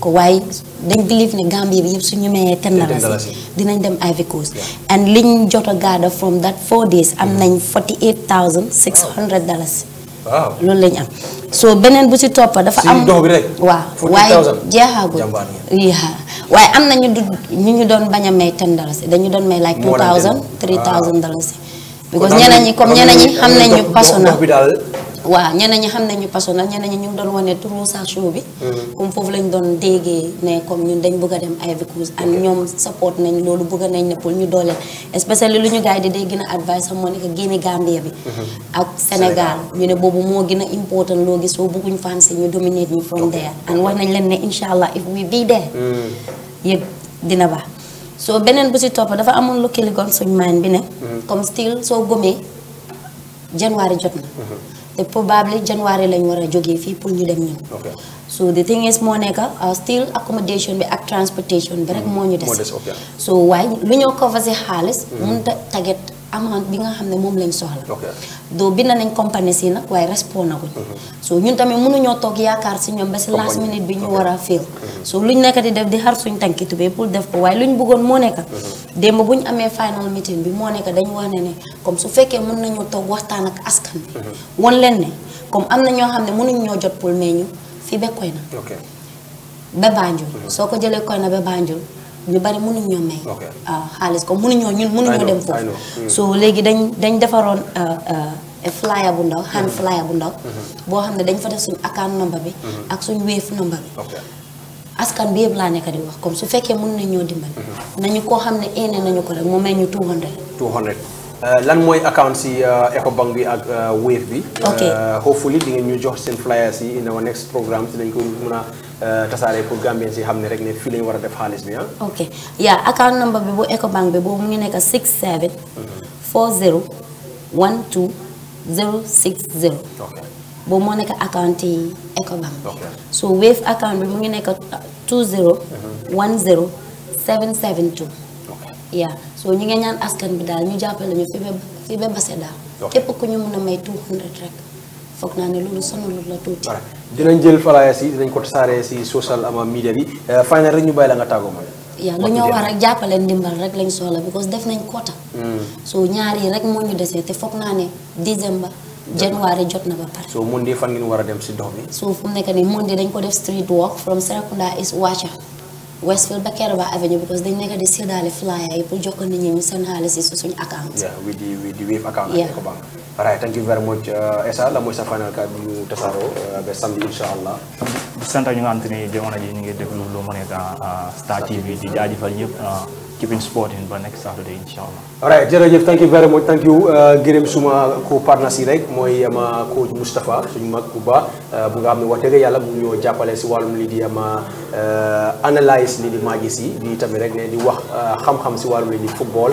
ko waaye dañ believe ne Gambie yëpp suñu mayee ten dalasi dinañ dem Ivory Coast. and liñ jot gaada gather from that four days am nañ forty eight thousand six hundred dalasi. waaw loolu lañ am soo beneen bu ci toppa dafa am dox bi rek waaw waaye jeexaagul waaye am na ñu du ñu ñu doon bañ a may ten dalasi dañu doon may like two thousand three thousand dalasi because ñeneen ñi comme ñeneen ñi xam nañu personnel waaw ñeneen ñi xam nañu personnel ñeneen ñi ñu doon wane turu sa show bi. Mm. comme foofu lañ doon déggee ne comme ñun dañ bëgg dem Ivory Coast ak ñoom support nañ loolu bëgg nañ ne pour ñu dooleel especially lu ñu gars yi di dee gën a advice xam moo nekk génne Gambia bi. Mm-hmm. ak senegal ñu ne boobu moo gën a important loo gis soo bëgguñ fan si ñu dominate ñu from there and wax nañ leen ne incha allah if we be there. Mm. yëpp dina baax soo beneen bu si topp dafa amoon lu kiligoon suñ maan bi ne. Mm. comme style soo gomee janvier jot na. Mm-hmm. te probably January lañ war a jógee fii pour ñu dem ñun. so the thing is moo nekk uh, still accommodation bi ak transportation bi rek moo ñu des. so waaye lu ñoo cover si xaalis. mënut mm-hmm. a tagget amende bi nga xam ne moom lañ soxla. doo bind nañ compagnie si nag waaye respond na ko. Mhm. so ñun tamit mënuñoo toog yaakaar si ñoom ba si last minute bi ñu war a féew. Mhm. so luñ nekk di def di xar suñ tànki tubéy pour def ko waaye luñ bëggoon moo nekk. Mhm. démb bu ñu amee final meeting bi moo nekk dañu wax ne ne comme su fekkee mën nañoo toog waxtaan ak askan bi won leen ne comme am na ñoo xam ne mënuñ ñoo jot pour mais ñu fii ba koy na. ba Banjul. soo ko jëlee koy na ba ñu bari mënuñoo may. waaw ah, xaalis ko mënuñoo ñun mënuñoo dem foofu. Hmm. so léegi dañ dañ defaroon ah, ah, flyer bu ndaw hand hmm. flyer bu ndaw. Hmm. boo xam ne dañ fa def suñu account number bi. ak suñu wave number bi. askan bi yëpp laa nekk di wax comme su fekkee mën nañ ñoo dimbali. nañu ko xam ne eene nañu ko rek mu may ñu 200. 200 euh, lan mooy account si euh, Ecobank bi ak euh, wave bi. ok hopefully di ngeen ñu jox seen flyers si in our next programme si dañ ko mën a. Euh, tasaare pour Gambien si xam ne rek ne fii lañu war a def xaalis bi ah. ok yaa account number bi bu Ecobank bi boobu mu ngi nekk 67. 40 12 060. ok boobu moo nekk account bi mu ngi nekk 20. 10 772. ok yaa so ñu ngi ñaan askan bi daal ñu jàppale ñu fi ba fi ba base daal. képp ku ñu mën a may 200 rek foog naa ne loolu sonalul la tuuti. dinañ jël flyers si dinañ ko saaree si social ama media bi euh, final rek ñu bàyyi la nga tàggoo ma yaa nga ñoo war a jàppaleen ndimbal rek lañ soxla because def nañ quota hmm. so ñaar yi rek moo ñu desee te foog naa ne décembre january jot na ba pare so mun di fan ngeen war a dem si dox bi so fu mu nekk nii mun di dañ ko def street walk from Serekunda is Wacha Westfield ba Kerba Avenue because dañ nekk di séddale flyer yi pour jox ko ñi seen xaalis yi su suñu account. yeah with the with the wave account. yeah ko bank. Uh, la sa final kàddu ñu tasaaroo uh, ba samedi incha allah. di sant ñu nga xam te ñu ngi déglu lu mu nekk uh, Star TV di jaaj fa ñëpp. keeping sporting ba next Saturday incha allah. alright jërëjëf thank you very much thank you uh, gërëm suma ko partenaires yi rek mooy ama coach Moustapha suñu mag bu baax uh, bu nga xam ne wax dëgg yàlla mu ñoo jàppale si wàllum lii di ama uh, analyse lii di magis yi di tamit rek di wax xam si wàllum lii di football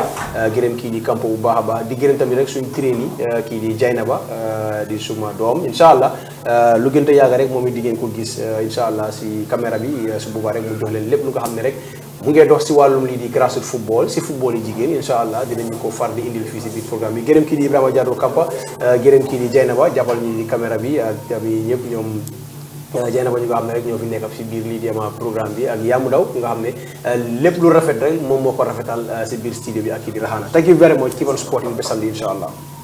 gërëm kii di campo bu baax a baax di gërëm tamit rek suñ train kii di Jaynaba di suma doom incha allah lu gën a yàgg rek moom it di ngeen ko gis incha allah si caméra bi su boobaa rek mu jox leen lépp lu nga xam ne rek. mu ngee dox si wàllum lii di grassroot football si football yi jigéen incha allah dinañu ko far di indil fii si biir programme bi gërëm kii di Ibrahima Diarra Kampa euh, gërëm kii Jaynaba jàppal ñu di caméra bi ak tamit ñëpp ñoom Jaynaba euh, ñu nga xam ne rek ñoo fi nekk si biir lii di ama programme bi ak Yaamu Daw euh, lépp lu rafet rek moom moo ko rafetal si biir studio bi ak kii di Rahana thank you very much keep on supporting Best Salam incha allah